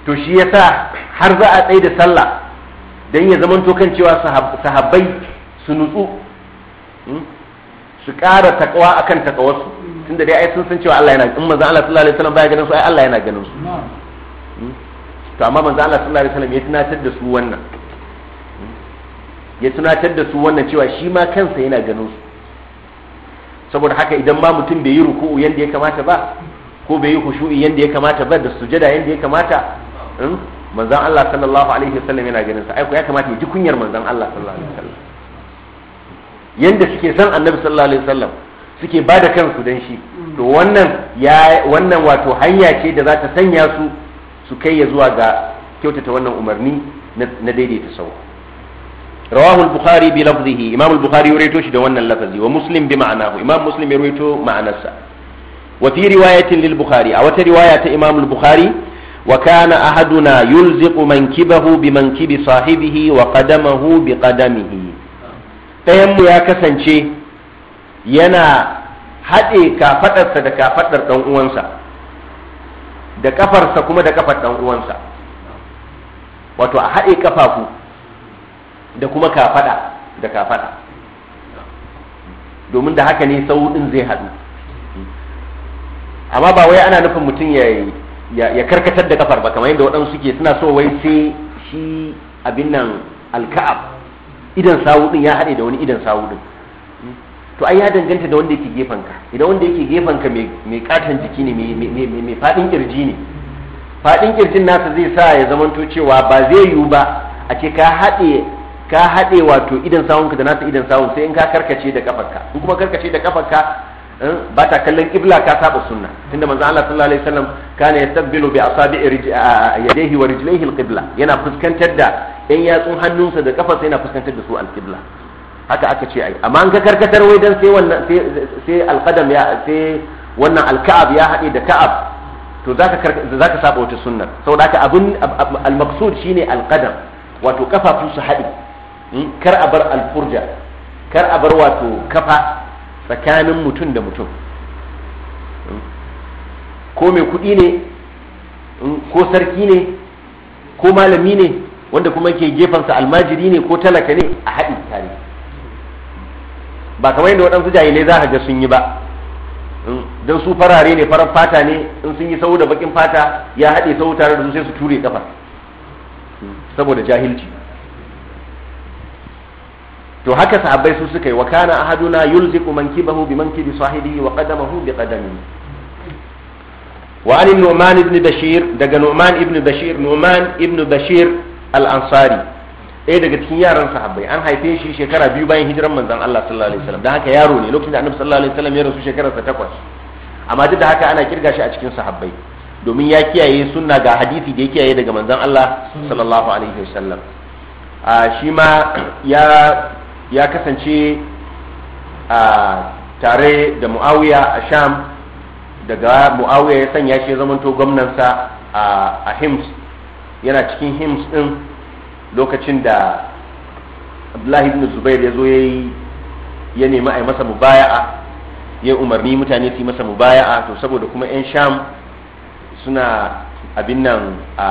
to shi yasa har za a tsaye da sallah dan ya zamanto kan cewa sahabbai su nutsu hmm, su kara takawa akan takawarsu tunda dai ai sun san cewa Allah yana in manzo Allah sallallahu alaihi wasallam baya ganin su ai Allah yana ganin su hmm? to amma manzo Allah sallallahu alaihi wasallam ya tunatar da su wannan hmm? ya tunatar da su wannan cewa shi ma kansa yana ganin su saboda haka idan ma mutum bai yi ruku'u yanda ya kamata ba ko bai yi khushu'i yanda ya kamata ba da sujada yanda ya kamata hmm? manzon Allah sallallahu alaihi wasallam yana ganin sa ai ya kamata ya ji kunyar manzon Allah sallallahu alaihi wasallam yanda suke san annabi sallallahu alaihi wasallam suke ba da kansu don shi to wannan ya wannan wato hanya ce da za ta sanya su su kai ya zuwa ga kyautata wannan umarni na daidaita sau Rawahul bukhari bi lafzihi imam al-bukhari ya shi da wannan lafazi wa muslim bi ma'anahu imam muslim ya rawaito ma'anarsa wa fi riwayatin lil bukhari a wata riwaya ta imam al-bukhari wa kana ahaduna yulziqu mankibahu bi mankibi sahibihi wa qadamahu bi qadamihi ɗayan ya kasance yana haɗe kafaɗarsa da kafaɗar ɗan uwansa da kafarsa kuma da kafar ɗan uwansa wato a haɗe kafafu da kuma kafaɗa da kafaɗa domin da haka ne sau ɗin zai haɗu amma ba wai ana nufin mutum ya karkatar da kafar ba kamar yadda waɗansu ke suna so wai sai shi abin nan alka'ab idan sawu ɗin ya haɗe da wani idan sawu ɗin to ai ya danganta da wanda yake gefen ka idan wanda yake gefen ka mai katon jiki ne mai fadin kirji ne fadin kirjin nasa zai sa ya zamanto cewa ba zai yiwu ba a ce ka haɗe ka haɗe wato idan sawun da nasa idan sawun sai in ka karkace da kafarka in kuma karkace da kafarka eh, ba ta kallon ibla ka saba sunna tunda manzo Allah sallallahu alaihi wasallam kana yastabilu bi asabi'i yadayhi wa rijlaihi al-qibla yana fuskantar da yan yatsun hannunsa da kafarsa yana fuskantar da su al-qibla haka aka ce ai amma an ka karkatar wai dan sai wannan sai alqadam ya sai wannan alka'ab ya haɗe da ka'ab to zaka zaka saba wata sunnar saboda haka abun almaqsud shine alqadam wato kafafu su haɗe hmm? kar a bar alfurja kar a bar wato kafa tsakanin mutum da mutum hmm? ko mai kuɗi ne hmm? ko sarki ne ko malami ne wanda kuma ke sa almajiri ne ko talaka ne a haɗi tare ba kamar yadda waɗansu jahilai za ga sun yi ba don su farare ne farar fata ne in sun yi sau da bakin fata ya haɗe sau tare da su sai su ture kafa saboda jahilci to haka sahabbai su suka yi wa kana ahaduna yulziqu mankibahu bi mankibi sahibihi wa qadamahu bi qadamihi wa an nu'man ibn bashir daga nu'man ibn bashir nu'man ibn bashir al-ansari ɗaya daga cikin yaran sahabbai an haife shi shekara biyu bayan hijiran manzon Allah sallallahu alaihi wasallam dan haka yaro ne lokacin da annabi sallallahu alaihi wasallam ya rasu shekarar sa takwas amma duk da haka ana kirga shi a cikin sahabbai domin ya kiyaye sunna ga hadisi da ya kiyaye daga manzon Allah sallallahu alaihi wasallam a shi ma ya ya kasance a tare da Muawiya a Sham daga Muawiya ya sanya shi ya zamanto sa a Hims yana cikin Hims din lokacin da abdullahi ibn zubair ya zo ya yi ya nemi a masa mubaya'a ya umarni mutane su yi masa mubaya'a to saboda kuma 'yan sham suna abin nan a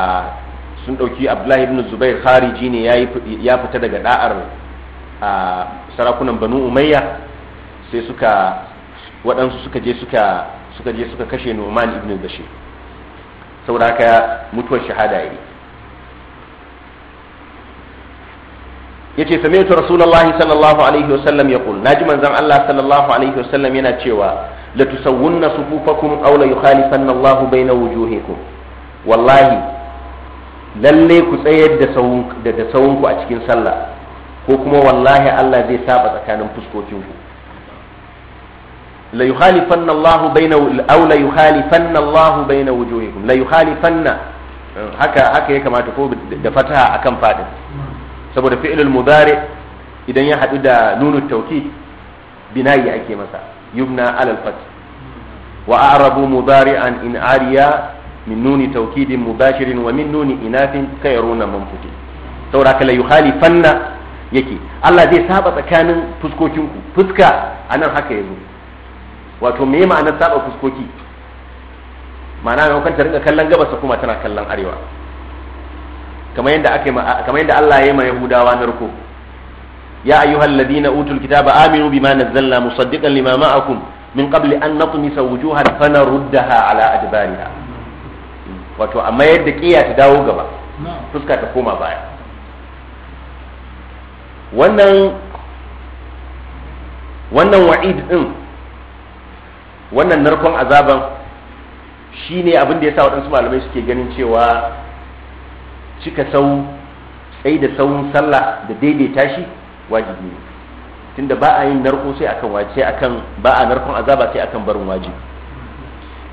sun ɗauki abdullahi ibn zubair khariji ne ya fita daga da'ar a sarakunan banu umayya sai suka waɗansu suka je suka suka je suka kashe nu'man ibn bashir saboda haka mutuwar shahada yi yace sami'tu rasulullahi sallallahu alaihi wasallam yaqul naji manzon Allah sallallahu alaihi wasallam yana cewa la tusawwunna sufufakum aw la yukhalifanna Allahu baina wujuhikum wallahi lalle ku tsayar da sawun da da sawun ku a cikin sallah ko kuma wallahi Allah zai saba tsakanin fuskokin ku la yukhalifanna Allahu baina aw la yukhalifanna Allahu baina wujuhikum la yukhalifanna eh, haka haka ya kamata ko da fataha akan fadin saboda fi'ilul mudari idan ya haɗu da nunu tauki binayi ake masa yubna alal fat wa a'rabu an in ariya min nuni tawkidin mubashirin wa min nuni inafin kayruna manfuti saboda kala yuhali fanna yake Allah zai saba tsakanin fuskokinku fuska anan haka yazo wato me ma'anar saba fuskoki ma'ana maimakon ta rinka kallon gabas kuma tana kallon arewa kamar yadda aka kamar yadda Allah ya yi ma Yahudawa narko ya ayyuhal ladina utul kitaba aminu bima nazzalna musaddiqan lima ma'akum min qabli an natmisa wujuhan fanaruddaha ala adbariha wato amma yadda kiya ta dawo gaba fuska ta koma baya wannan wannan wa'id din wannan narkon azaban shine abin da yasa waɗansu malamai suke ganin cewa cika sau sai da saun sallah da daidaita shi wajibi ne tunda ba a yin narko sai akan wajibi akan ba a narkon azaba sai akan barin wajibi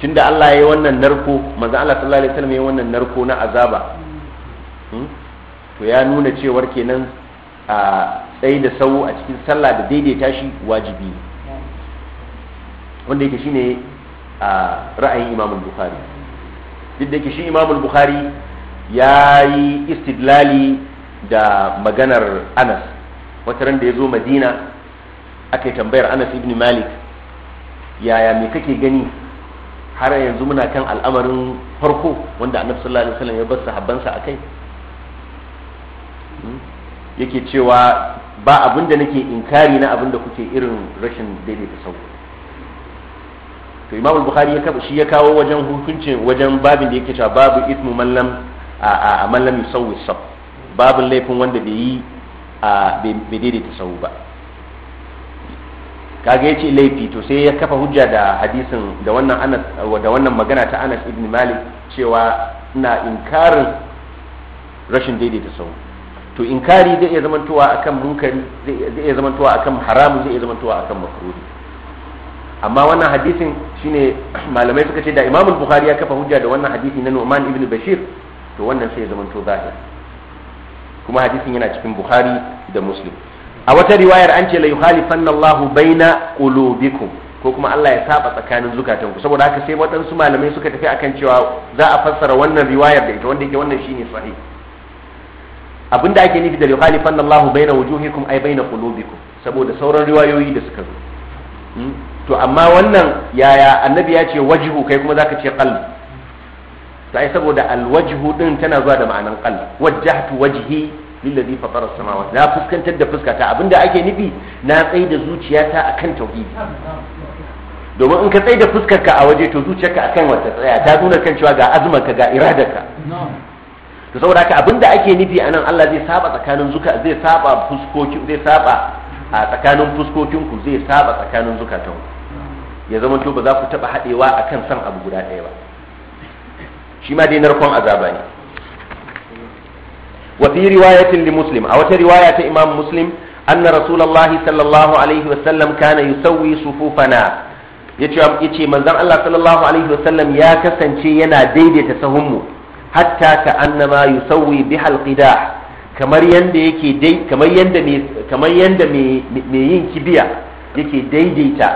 tunda Allah ya yi wannan narko manzo Allah sallallahu alaihi wasallam ya yi wannan narko na azaba hmm? to ya nuna cewar kenan a tsayi da sau a cikin sallah da daidaita shi wajibi ne wanda yake shine a ra'ayin Imam Bukhari duk da yake shi Imam Bukhari ya yi istidlali da maganar anas wata ran da ya zo madina aka tambayar anas ibn malik yaya me kake gani har yanzu muna kan al'amarin farko wanda annabi sallallahu alaihi wasallam ya bar sahabbansa akai hmm? yake cewa ba abin da nake inkari na abin da kuke irin rashin daidaita sau to imam bukhari ya shi ya kawo wajen hukunci wajen babin da yake cewa babu ismu mallam a a man lam yusawwi sab babu laifin wanda bai yi a bai daidaita sau ba kaga yace laifi to sai ya kafa hujja da hadisin da wannan Anas da wannan magana ta Anas ibn Malik cewa ina inkarin rashin daidaita sau. to inkari zai iya zamantowa akan munkari zai iya zamantowa akan haramu? zai iya zamantowa akan makruhi amma wannan hadisin shine malamai suka ce da Imam Bukhari ya kafa hujja da wannan hadisi na Nu'man ibn Bashir to wannan sai ya zama to zahir kuma hadisin yana cikin bukhari da muslim a wata riwayar an ce la yuhalifanna Allahu baina qulubikum ko kuma Allah ya saba tsakanin zukatan ku saboda haka sai waɗansu malamai suka tafi akan cewa za a fassara wannan riwayar da ita wanda yake wannan shine sahih abinda ake nufi da yuhalifanna Allahu baina wujuhikum ay baina qulubikum saboda sauran riwayoyi da suka zo hmm? to amma wannan yaya annabi ya ce wajihu kai kuma zaka ce qalbi sai saboda alwajhu din tana zuwa da ma'anan qalb wajjahtu wajhi lillazi fatara samawati na fuskantar da fuskata abinda ake nufi na tsai da zuciyata akan tauhidi domin in ka tsai da fuskarka a waje to zuciyarka akan wata tsaya ta nuna kan cewa ga azumarka ga iradarka to saboda haka abinda ake nufi anan Allah zai saba tsakanin zuka zai saba fuskoki zai saba a tsakanin fuskokin ku zai saba tsakanin zukatanku ya zama to ba za ku taba hadewa akan san abu guda ɗaya ba shi ma dai narkon azaba ne wa fi riwayatin li muslim a wata riwaya ta imam muslim anna rasulullahi sallallahu alaihi wa sallam kana yusawwi sufufana yace yace manzon Allah sallallahu alaihi wa sallam ya kasance yana daidaita sahunmu hatta ka annama yusawwi bihal qidah kamar yanda yake dai kamar yanda me kamar yanda me yin kibiya yake daidaita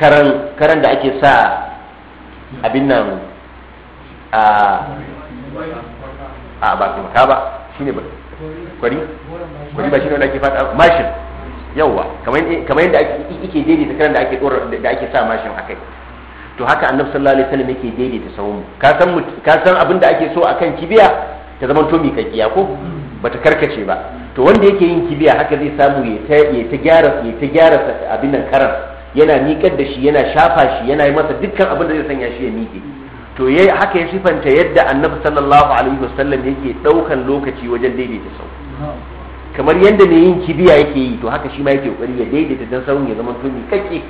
karan karan da ake sa abin nan a ba kumka ba shi ne kwari kwari ba shi ne wanda ake fata mashin yauwa kamar yadda ake daidaita karan da ake da ake sa mashin a kai to haka annabi sallallahu alaihi wasallam yake daidaita sawun ka san ka san abin da ake so a kan kibiya ta zama to miƙaƙiya ko bata karkace ba to wanda yake yin kibiya haka zai samu ya ta ya ta gyara ya ta gyara abin nan karan yana miƙar da shi yana shafa shi yana yi masa dukkan abin da zai sanya shi ya miƙe to yayi haka ya sifanta yadda annabi sallallahu alaihi wasallam yake daukan lokaci wajen daidaita sau kamar yadda mai yin kibiya yake yi to haka shi ma yake kokari ya daidaita dan sauyin ya zama to kake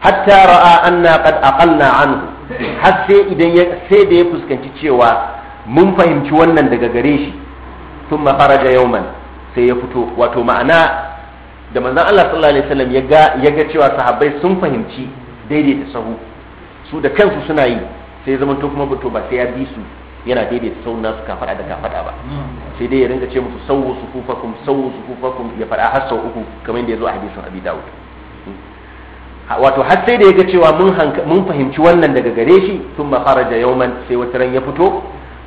hatta ra'a anna qad aqalna anhu har sai idan ya sai da ya fuskanci cewa mun fahimci wannan daga gare shi thumma faraja yawman sai ya fito wato ma'ana da manzon Allah sallallahu alaihi wasallam ya ga ya ga cewa sahabbai sun fahimci daidaita sahu su da kansu suna yi sai zama to kuma to ba sai ya bi su yana daidaita sauna nasu kafada da kafada ba sai dai ya ringa ce musu kufa sawu su kufa kum ya faɗa har sau uku kamar yadda ya zo a hadisin abi dawud wato har sai da ya ga cewa mun mun fahimci wannan daga gare shi sun kharaja yawman sai wata ran ya fito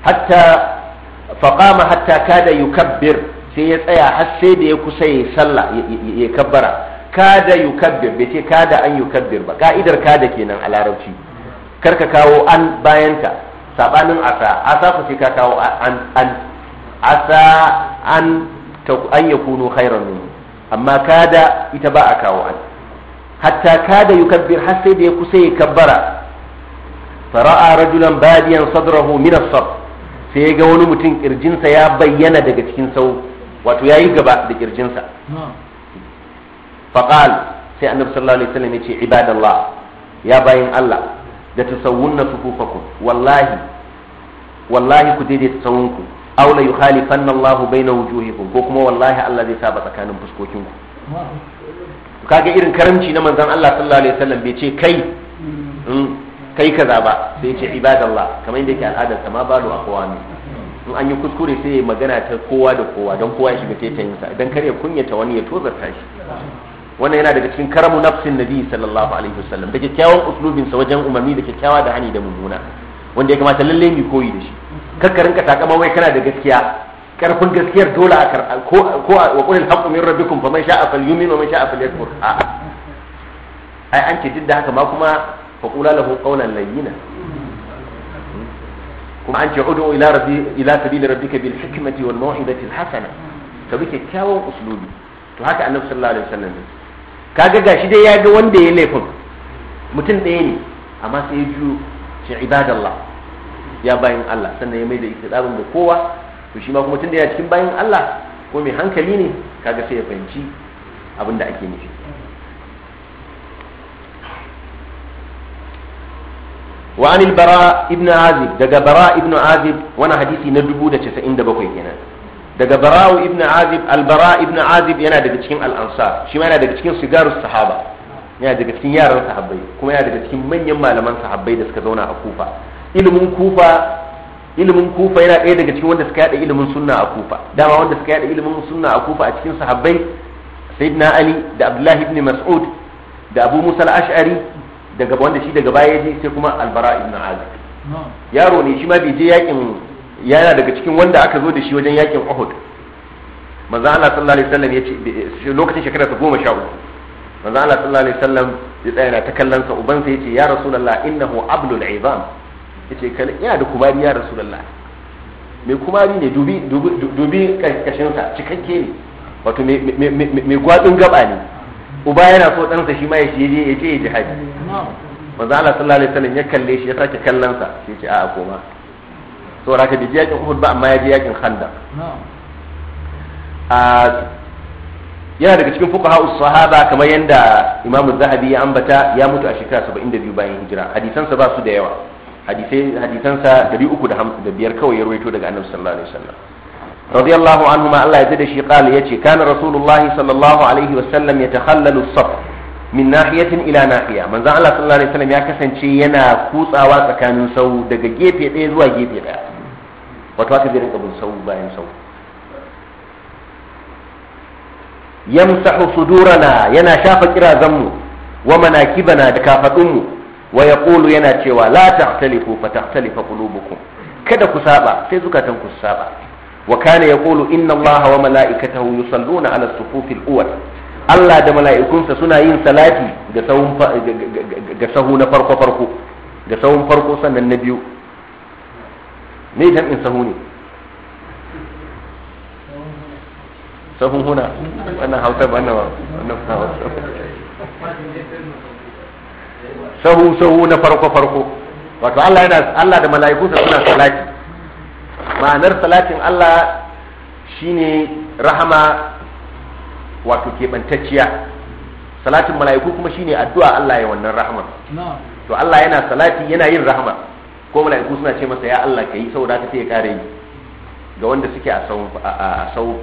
hatta faqama hatta kada yukabbir sai ya tsaya har sai da ya kusa ya sallah ya kabbara kada yukabbir bai ce kada an yukabbir ba ka'idar kada kenan a larabci kar ka kawo an bayanta sabanin asa asa ku ka kawo an an asa an ta an yakunu khairan min amma kada ita ba a kawo an hatta kada yukabbir har sai da ya kusa ya kabbara fara'a rajulan badiyan sadrahu min as-sab sai ya ga wani mutum kirjinsa ya bayyana daga cikin sau wato yayi gaba da kirjinsa faqal sai annabi sallallahu alaihi wasallam ya ce ibadallah ya bayin Allah da na sufufakum wallahi wallahi ku daidaita sawunku aw la yukhalifanna Allahu baina wujuhikum ko kuma wallahi Allah zai saba tsakanin fuskokin fuskokinku kaga irin karamci na manzon Allah sallallahu alaihi wasallam bai ce kai hmm, kai kaza ba sai ce ibadallah kamar yadda yake al'adar ta ma balu ne in an yi kuskure sai ya magana ta kowa da kowa don kowa ya shiga taitayin sa idan kar ya kunyata wani ya tozarta shi wannan yana daga cikin karamu nafsin nabi sallallahu alaihi wasallam da kyakkyawan uslubin sa wajen umarni da kyakkyawa da hani da mummuna wanda ya kamata lalle mu koyi da shi kakkar rinka takama wai kana da gaskiya karfin gaskiyar dole a kar ko ko wa qul al-haqqu min rabbikum faman sha'a falyu'min wa man sha'a falyakfur a'a ai an ce duk da haka ma kuma fa qula lahu qawlan layyina kuma an ce udu ila rabbi ila sabili rabbika bil hikmati wal maw'izati al hasana to bi kyakkyawan uslubi to haka annabi sallallahu alaihi wasallam Ka ga gashi dai ya ga wanda ya laifin mutum ɗaya ne amma sai ya juyo shi ibadallah ya bayin Allah sannan ya mai da iktidabin da kowa to shi ma kuma tunda ya cikin bayan Allah ko mai hankali ne kaga sai ya fahimci abin da ake nufi wa anil bara ibn azib daga bara ibn azib wani hadisi na bakwai kenan daga bara'u ibn azib albara ibn azib yana daga cikin al'ansar shi ma yana daga cikin sigarus sahaba yana daga cikin yaran sahabbai kuma yana daga cikin manyan malaman sahabbai da suka zauna a kufa ilimin kufa ilimin kufa yana ɗaya daga cikin wanda suka yada ilimin sunna a kufa dama wanda suka yada ilimin sunna a kufa a cikin sahabbai sayyidina ali da abdullahi ibn mas'ud da abu musa al-ash'ari daga wanda shi daga baya ya je sai kuma albara ibn azib yaro ne shi ma bai je yakin yana daga cikin wanda aka zo da shi wajen yakin Uhud manzo Allah sallallahu alaihi wasallam ya ce lokacin shekara ta goma sha uku manzo Allah sallallahu alaihi wasallam ya tsaya ta kallon sa ubansa yace ya rasulullah innahu abdul izam yace kala yana da kumari ya rasulullah mai kumari ne dubi dubi kashin sa cikakke ne wato mai gwadin gaba ne uba yana so ɗansa shi ma ya je ya je ya jihadi manzo Allah sallallahu alaihi wasallam ya kalle shi ya sake kallon sa sai a'a koma saboda bai je yakin uhud ba amma ya je yakin khandaq yana daga cikin fuqaha sahaba kamar yadda imam zahabi ya ambata ya mutu a shekara 72 bayan hijira hadisansa ba su da yawa hadisai da 355 kawai ya rawaito daga annabi sallallahu alaihi wasallam radiyallahu anhu ma Allah ya zada shi qala yace kana rasulullahi sallallahu alaihi wasallam yatakhallalu as-saf min nahiyatin ila nahiya manzo Allah sallallahu alaihi wasallam ya kasance yana kutsawa tsakanin sau daga gefe ɗaya zuwa gefe ɗaya wato haka zai rinka bin sau bayan sau yamsahu sudurana yana shafa kirazanmu wa manakibana da kafadunmu wa yaqulu yana cewa la tahtalifu fa tahtalifa qulubukum kada ku saba sai zukatan ku saba wa kana yaqulu inna allaha wa mala'ikatahu yusalluna ala as-sufufi al-awwal Allah da mala'ikunsa suna yin salati ga sahun ga farko farko ga sahun farko sannan na biyu me in sahu ne sahun huna wannan hausa ba na wannan sahu sahu na farko farko wato Allah yana Allah da mala'ikunsa suna salati ma'anar salatin Allah shine rahama wato keɓantacciya salatin mala'iku kuma shine addu'a Allah ya wannan rahama to Allah yana salati yana yin rahama ko mala'iku suna ce masa ya Allah kai saboda haka sai ya kare yi ga wanda suke a sahun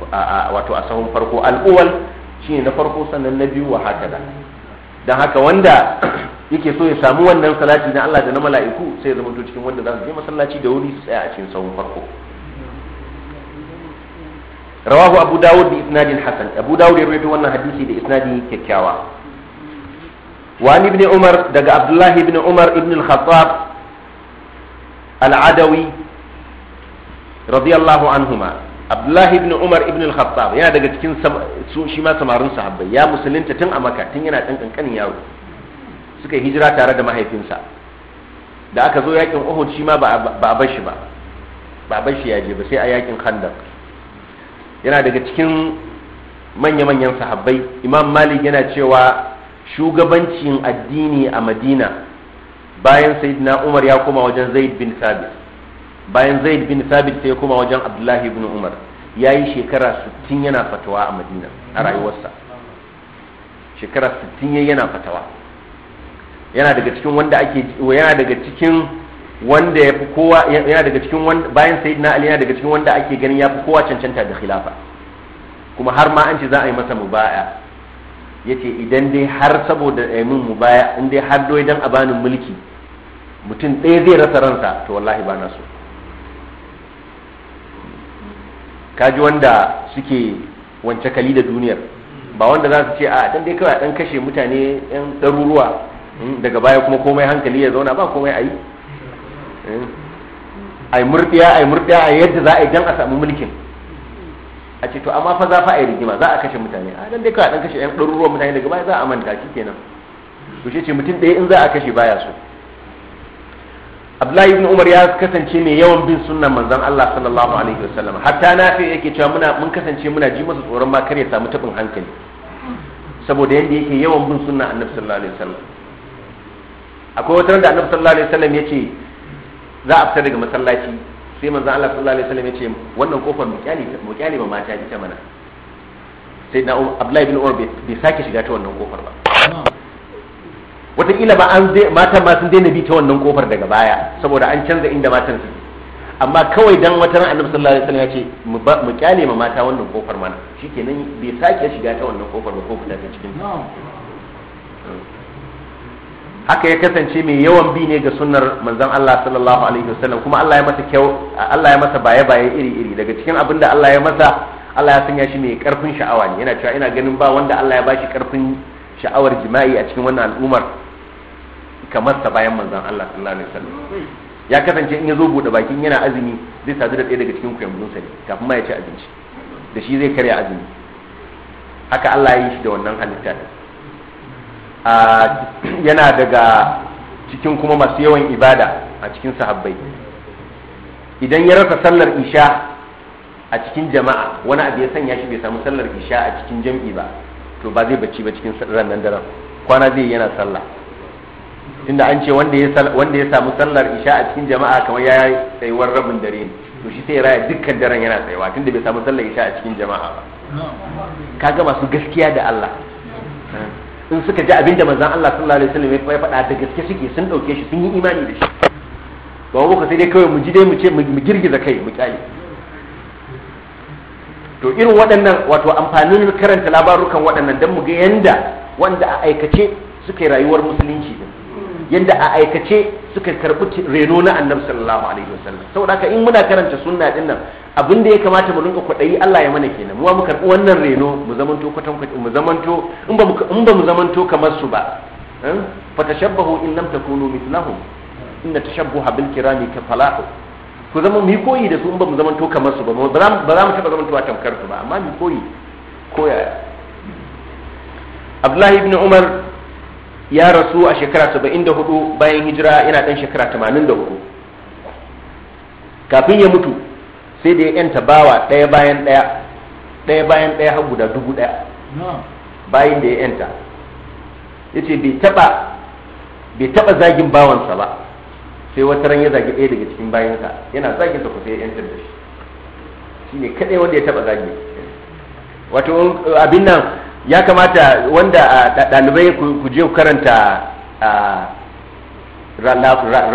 wato a sahun farko al'uwal shine na farko sannan na biyu wa haka da dan haka wanda yake so ya samu wannan salati na Allah da na mala'iku sai ya zama to cikin wanda za su je masallaci da wuri su tsaya a cikin sahun farko rawahu abu dawud bi isnadin hasan abu dawud ya rawaito wannan hadisi da isnadi kyakkyawa wa ibn umar daga abdullahi ibn umar ibn al-khattab al'adawi radiyallahu anhuma abdullahi ibn umar ibn al-khattab yana daga cikin shi ma samarin sahabbai ya musulunta tun a maka tun yana ɗan ƙanƙanin yaro suka yi hijira tare da mahaifinsa da aka zo yakin uhud shi ma ba a shi ba ba a shi ya je ba sai a yakin khandaq yana daga cikin manya-manyan sahabbai imam malik yana cewa shugabancin addini a madina bayan sayyidina umar ya koma wajen zaid bin sabit bayan zaid bin sabit sai ya koma wajen abdullahi bin umar ya yi shekara 60 yana fatawa a madina a rayuwarsa shekara 60 yana fatawa yana daga cikin wanda ake yana daga cikin wanda ya fi kowa yana daga cikin wanda bayan sayyidina ali yana daga cikin wanda ake ganin ya fi kowa cancanta da khilafa kuma har ma an ce za a yi masa mubaya yace idan dai har saboda min mubaya in dai har doi dan abanin mulki mutum ɗaya zai rasa ransa to wallahi ba na so kaji wanda suke wance kali da duniyar ba wanda za su ce a dan dai kawai a dan kashe mutane yan ɗaruruwa hmm, daga baya kuma komai hankali ya zauna ba komai a yi hmm. ai murdiya ai murdiya ai yadda za a yi dan a samu mulkin a ce to amma fa za fa a yi rigima za a kashe mutane a dan dai kawai dan kashe yan ɗaruruwan mutane daga baya za a manta shi kenan to shi ce mutum ɗaya in za a kashe baya so abdullahi ibn umar ya kasance mai yawan bin sunnan manzon Allah sallallahu alaihi wasallam hatta na fi yake cewa muna mun kasance muna ji masa tsoron ma kare samu tabin hankali saboda yanda yake yawan bin sunnan annabi sallallahu alaihi wasallam akwai wata da annabi sallallahu alaihi wasallam yace za a fita daga masallaci sai manzon Allah sallallahu alaihi wasallam yace wannan kofar mukyali mukyali ba mata ita mana sai na Abdullahi ibn Umar bai sake shiga ta wannan kofar ba wataƙila ba an zai matan ma sun daina bi ta wannan kofar daga baya saboda an canza inda matan su amma kawai dan wata ran annabi sallallahu alaihi wasallam ya ce mu kyale ma mata wannan kofar mana shikenan bai sake shiga ta wannan kofar ba ko fita ta cikin haka ya kasance mai yawan bi ne ga sunnar manzon Allah sallallahu alaihi wasallam kuma Allah ya masa kyau Allah ya masa baye baye iri iri daga cikin abin da Allah ya masa Allah ya sanya shi mai karfin sha'awa ne yana cewa ina ganin ba wanda Allah ya bashi karfin sha'awar jima'i a cikin wannan al'ummar kamar sa bayan manzon Allah sallallahu alaihi wasallam ya kasance in ya zo bude bakin yana azumi zai sadu da ɗaya daga cikin ku yanzu sai kafin ma ya ci abinci da shi zai karya azumi haka Allah ya yi shi da wannan halitta a yana daga cikin kuma masu yawan ibada a cikin sahabbai idan ya rasa sallar isha a cikin jama'a wani abu ya sanya shi bai samu sallar isha a cikin jam'i ba to ba zai bacci ba cikin ranar daren kwana zai yana sallah tunda an ce wanda ya samu sallar isha a cikin jama'a kamar ya tsayuwar rabin dare to shi sai raya dukkan daren yana tsayuwa tunda bai samu sallar isha a cikin jama'a ba kaga masu gaskiya da Allah in suka ji da manzon Allah sallallahu alaihi wasallam ya faɗa da gaske suke sun dauke shi sun yi imani da shi ba mu sai dai kawai mu ji dai mu ce mu girgiza kai mu kyale to irin waɗannan wato amfanin karanta labarukan waɗannan dan mu ga yanda wanda a aikace suka yi rayuwar musulunci din yadda a aikace suka karɓi reno na annabi sallallahu alaihi wasallam saboda haka in muna karanta sunna din nan abin da ya kamata mu rinka kwaɗayi Allah ya mana kenan mu mu karɓi wannan reno mu zamanto kwatan mu zamanto in ba mu in ba mu zamanto kamar su ba eh? tashabbahu in lam takunu mithlahum inna tashabbuha bil kirami ka falahu ku zama mu koyi da su in ba mu zamanto kamar su ba ba za mu taɓa zamantowa tamkar su ba amma mu koyi koya Abdullahi ibn Umar ya rasu a shekara 74 bayan hijira yana dan shekara 84 kafin ya mutu sai da ya yanta bawa ɗaya bayan ɗaya ɗaya bayan ɗaya har guda dubu ɗaya bayan da ya yanta ya ce bai taɓa zagin bawansa ba sai wata ran ya zagi ɗaya daga cikin bayansa yana zagin sa kusa ya yantar da shi shi ne kaɗai wanda ya taɓa zagi wato abin nan ya kamata wanda ɗalibai ku je ku karanta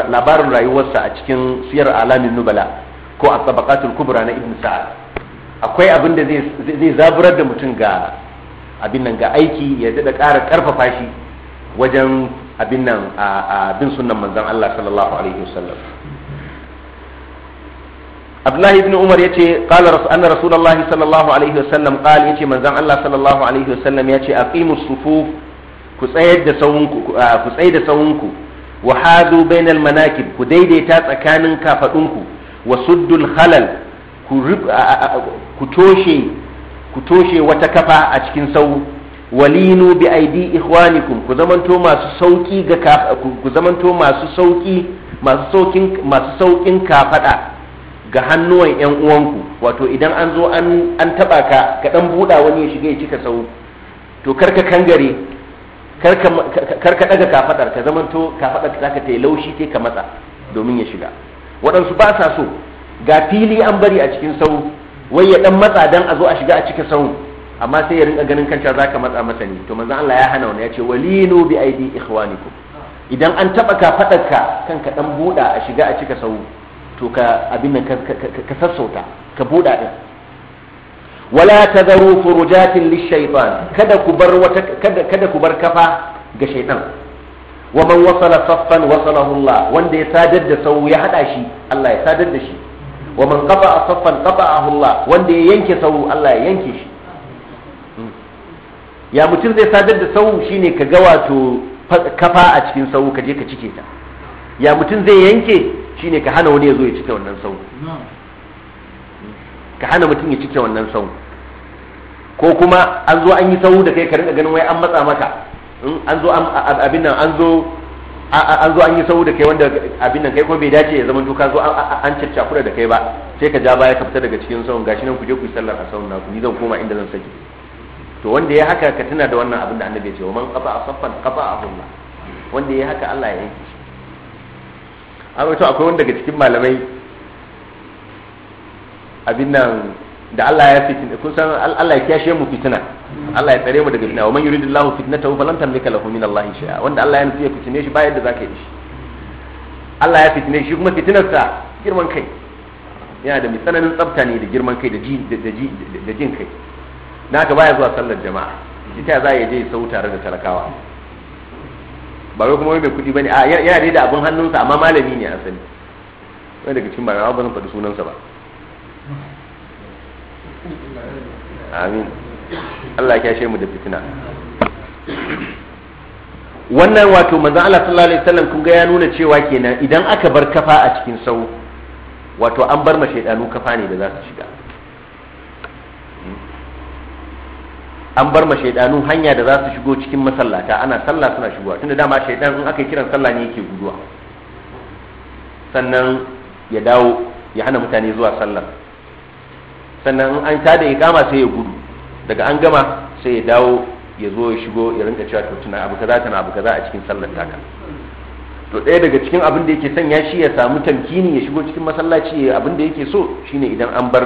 labarin rayuwarsa a cikin siyar alamin nubala ko a tabaqatul kubra na ibn sa'ad akwai abin da zai zaburar da mutum ga abin nan ga aiki ya daɗa ƙara ƙarfafa shi wajen abin nan a bin sunan manzan Allah sallallahu alaihi wasallam abdullahi ibn umar ya ce qala anna rasulullahi sallallahu alaihi wasallam qala yace manzan Allah sallallahu alaihi wasallam yace aqimus sufuf ku tsayar da sawunku ah, ku tsayar da sawunku wa hadu bainal manakib ku daidaita tsakanin kafadunku wa suddul khalal ku ah, ah, toshe ku toshe wata kafa a cikin sau walinu bi aidi ikhwanikum ku zamanto masu sauki ga ku zamanto masu sauki masu saukin masu saukin kafada ga hannuwan yan uwanku wato idan an zo an an taba ka ka dan buda wani ya shiga ya cika sau to karka kangare karka karka daga kafadar ka zaman to kafadar ka zaka laushi kai ka matsa domin ya shiga waɗansu ba sa so ga fili an bari a cikin sau wai ya dan matsa dan a zo a shiga a cika sau amma sai ya rinka ganin kanta zaka matsa masa ne to manzo Allah ya hana wani ya ce walinu bi aidi ikhwanikum idan an taba ka kanka dan buɗa a shiga a cika sau to ka abin nan ka sassauta ka buɗa ɗin wala zaru furujatin lishaitan kada ku bar wata kada kada ku bar kafa ga shaitan wa man wasala saffan wasalahu Allah wanda ya sadar da sau ya hada shi Allah ya sadar da shi wa man qata'a saffan qata'ahu Allah wanda ya yanke sau Allah ya yanke shi hmm. ya mutum zai sadar da sau shine ka ga wato kafa a cikin sau ka je ka cike ta ya mutum zai yanke Shi ne ka hana wani ya zo ya cike wannan sau ka hana mutum ya cike wannan sau ko kuma an zo an yi sau da kai ka ganin wai an matsa maka an zo abin nan an zo an zo an yi sau da kai wanda abin nan kai ko bai dace ya zama duka zo an caccakura da kai ba sai ka ja baya ka fita daga cikin sauran gashi nan ku je ku sallar a na ku, ni zan koma inda zan saki to wanda ya haka ka tuna da wannan abin da annabi ya ce wa man qafa saffan qafa Allah wanda ya haka Allah ya yanke shi an wato akwai wanda daga cikin malamai abin nan da Allah ya fitin kun san Allah ya kiyashe mu fitina Allah ya tsare mu daga fitina wa man yuridillahu fitnatahu falan tamlika lahu min Allah shay'a wanda Allah ya nufi ya fitine shi ba yadda zaka yi shi Allah ya fitine shi kuma sa girman kai yana da mai tsananin tsafta ne da girman kai da jin kai na ka baya zuwa sallar jama'a ita za ya je sau tare da talakawa ba wai kuma mai ba bane a yana dai da abin hannunsa amma malami ne asali wani daga cikin bayan ba zan faɗi sunansa ba amin Allah ya shi mu da fitina wannan wato manzo Allah sallallahu alaihi wasallam kun ga ya nuna cewa kenan idan aka bar kafa a cikin sau wato an bar ma shaidanu kafa ne da za su shiga an bar ma shaidanu hanya da za su shigo cikin masallata ana sallah suna shigowa tunda dama shaidan in aka yi kiran sallah ne yake guduwa sannan ya dawo ya hana mutane zuwa sallar sannan in an tada ya kama sai ya gudu daga an gama sai ya dawo ya zo ya shigo ya rinka cewa to tuna abu kaza tana abu kaza a cikin sallar taka to ɗaya daga cikin abin da yake sanya shi ya samu tamkini ya shigo cikin masallaci ya abin da yake so shine idan an bar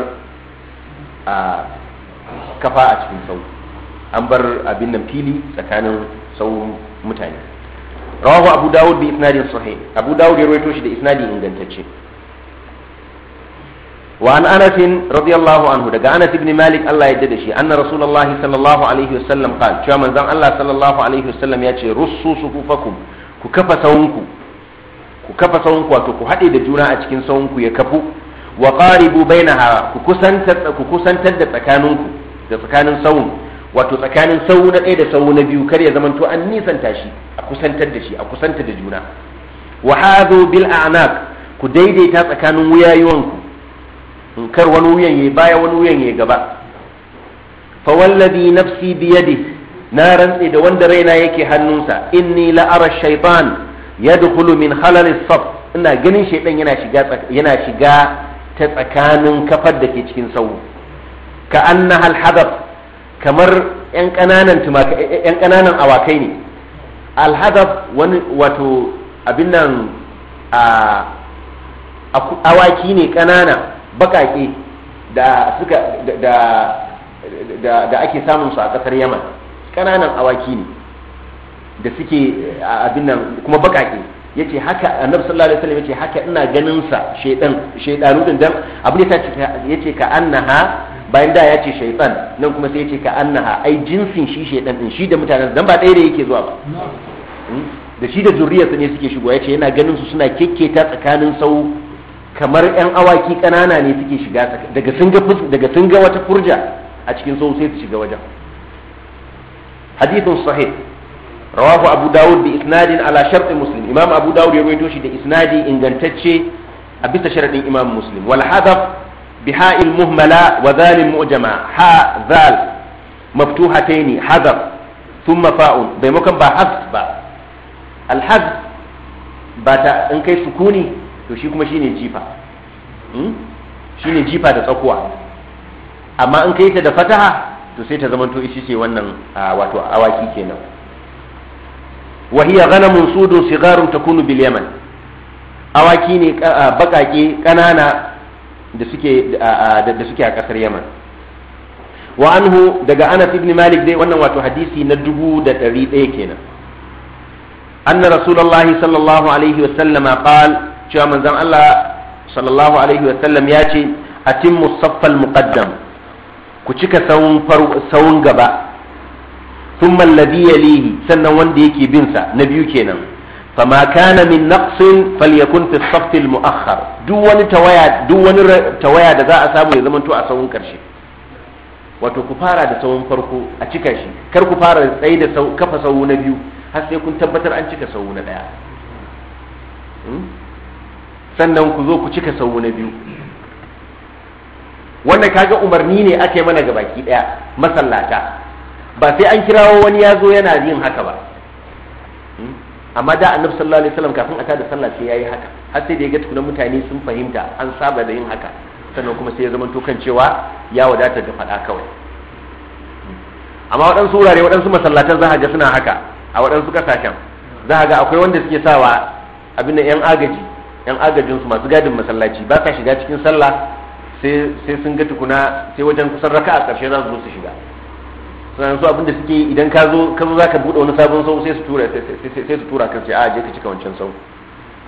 a kafa a cikin sauki an bar abin nan fili tsakanin sauran mutane rawahu abu dawud bi isnadin sahih abu dawud ya rawaito shi da isnadi ingantacce wa an anas radiyallahu anhu daga anas ibn malik Allah ya da shi anna rasulullahi sallallahu alaihi wasallam qala cewa manzon Allah sallallahu alaihi wasallam ya ce rusu sufufakum ku kafa sawunku ku kafa sawunku wato ku haɗe da juna a cikin sawunku ya kafu wa qaribu bainaha ku kusantar ku kusantar da tsakaninku da tsakanin sawunku wato tsakanin sau na ɗaya da sau na biyu kar ya zamanto an nisanta shi a kusantar da shi a kusanta da juna wa hadhu bil a'naq ku daidaita tsakanin wuyayuwanku in kar wani wuyan yayi baya wani wuyan yayi gaba fa wallazi nafsi bi yadi na rantsi da wanda raina yake hannunsa inni la ara shaytan yadkhulu min khalal as-saf ina ganin shaytan yana shiga yana shiga ta tsakanin kafar da ke cikin sau ka annaha al kamar 'yan ƙananan tumaka 'yan ƙananan awakai ne alhadaf wani wato abin nan a awaki ne ƙanana baƙaƙe da suka da da, da ake samun su a ƙasar yaman ƙananan awaki ne da suke abin nan kuma baƙaƙe ya ce haka annabi sallallahu alaihi wasallam ya ce haka ina ganin sa shaidan shaidanu din dan abin da ya ce ka annaha bayan da ya ce shaitan nan kuma sai ya ce ka annaha ai jinsin shi shaitan din shi da mutanen dan ba ɗaya da yake zuwa ba hmm? da shi da zuriyarsa ne suke shigo ya ce yana ganin su suna kekketa tsakanin sau kamar yan awaki ƙanana ne suke shiga daga sun ga daga sun ga wata furja a cikin sau sai su shiga wajen hadithun sahih rawahu abu dawud bi isnadin ala sharti muslim imam abu dawud ya rawaito shi da isnadi ingantacce a bisa sharadin imam muslim wal hadaf بحاء المهملة وذال مؤجمة حاء ذال مفتوحتين حذف ثم فاء بمكان با حذف با الحذف باتا ان كاي سكوني to shi kuma shine jifa shine jifa da tsakuwa amma in kai ta da fataha to sai ta zamanto ishi wannan wato awaki kenan wa hiya ghanamun sudun sigarun takunu bil awaki ne bakake kanana da suke a kasar Yaman wa anhu daga Anas ibn Malik dai wannan wato hadisi na dubu da ɗari ɗaya kenan an anna rasulullahi sallallahu alaihi wa a ƙal cewa manzan Allah sallallahu alaihi wa sallam ya ce a atimmu musaffal muqaddam ku cika sawun gaba thumma ya yalihi sannan wanda yake bin sa na biyu kenan fama kana min naqsin falyakun fi as muakhkhar duk wani tawaya duk wani tawaya da za a samu ya to a sawun karshe wato ku fara da sawun farko a cika shi kar ku fara tsaye da kafa sawu na biyu har sai kun tabbatar an cika sawu na daya sannan ku zo ku cika sawu na biyu wannan kaga umarni ne ake mana ga baki daya masallata ba sai an kirawo wani ya zo yana yin haka ba amma da annabi sallallahu alaihi wasallam kafin a tada sallah sai yayi haka har sai da ya ga tukunan mutane sun fahimta an saba da yin haka sannan kuma sai ya zama to kan cewa ya wadata da faɗa kawai amma waɗansu wurare waɗansu masallatan za ga suna haka a waɗansu kasashen za ga akwai wanda suke sawa abin da yan agaji yan agajin su masu gadin masallaci ba sa shiga cikin sallah sai sun ga tukuna sai wajen kusan raka a ƙarshe za su zo su shiga sannan su abinda suke idan ka zo ka zo zaka bude wani sabon sau sai su tura sai su tura kan ce a je ka cika wancan sau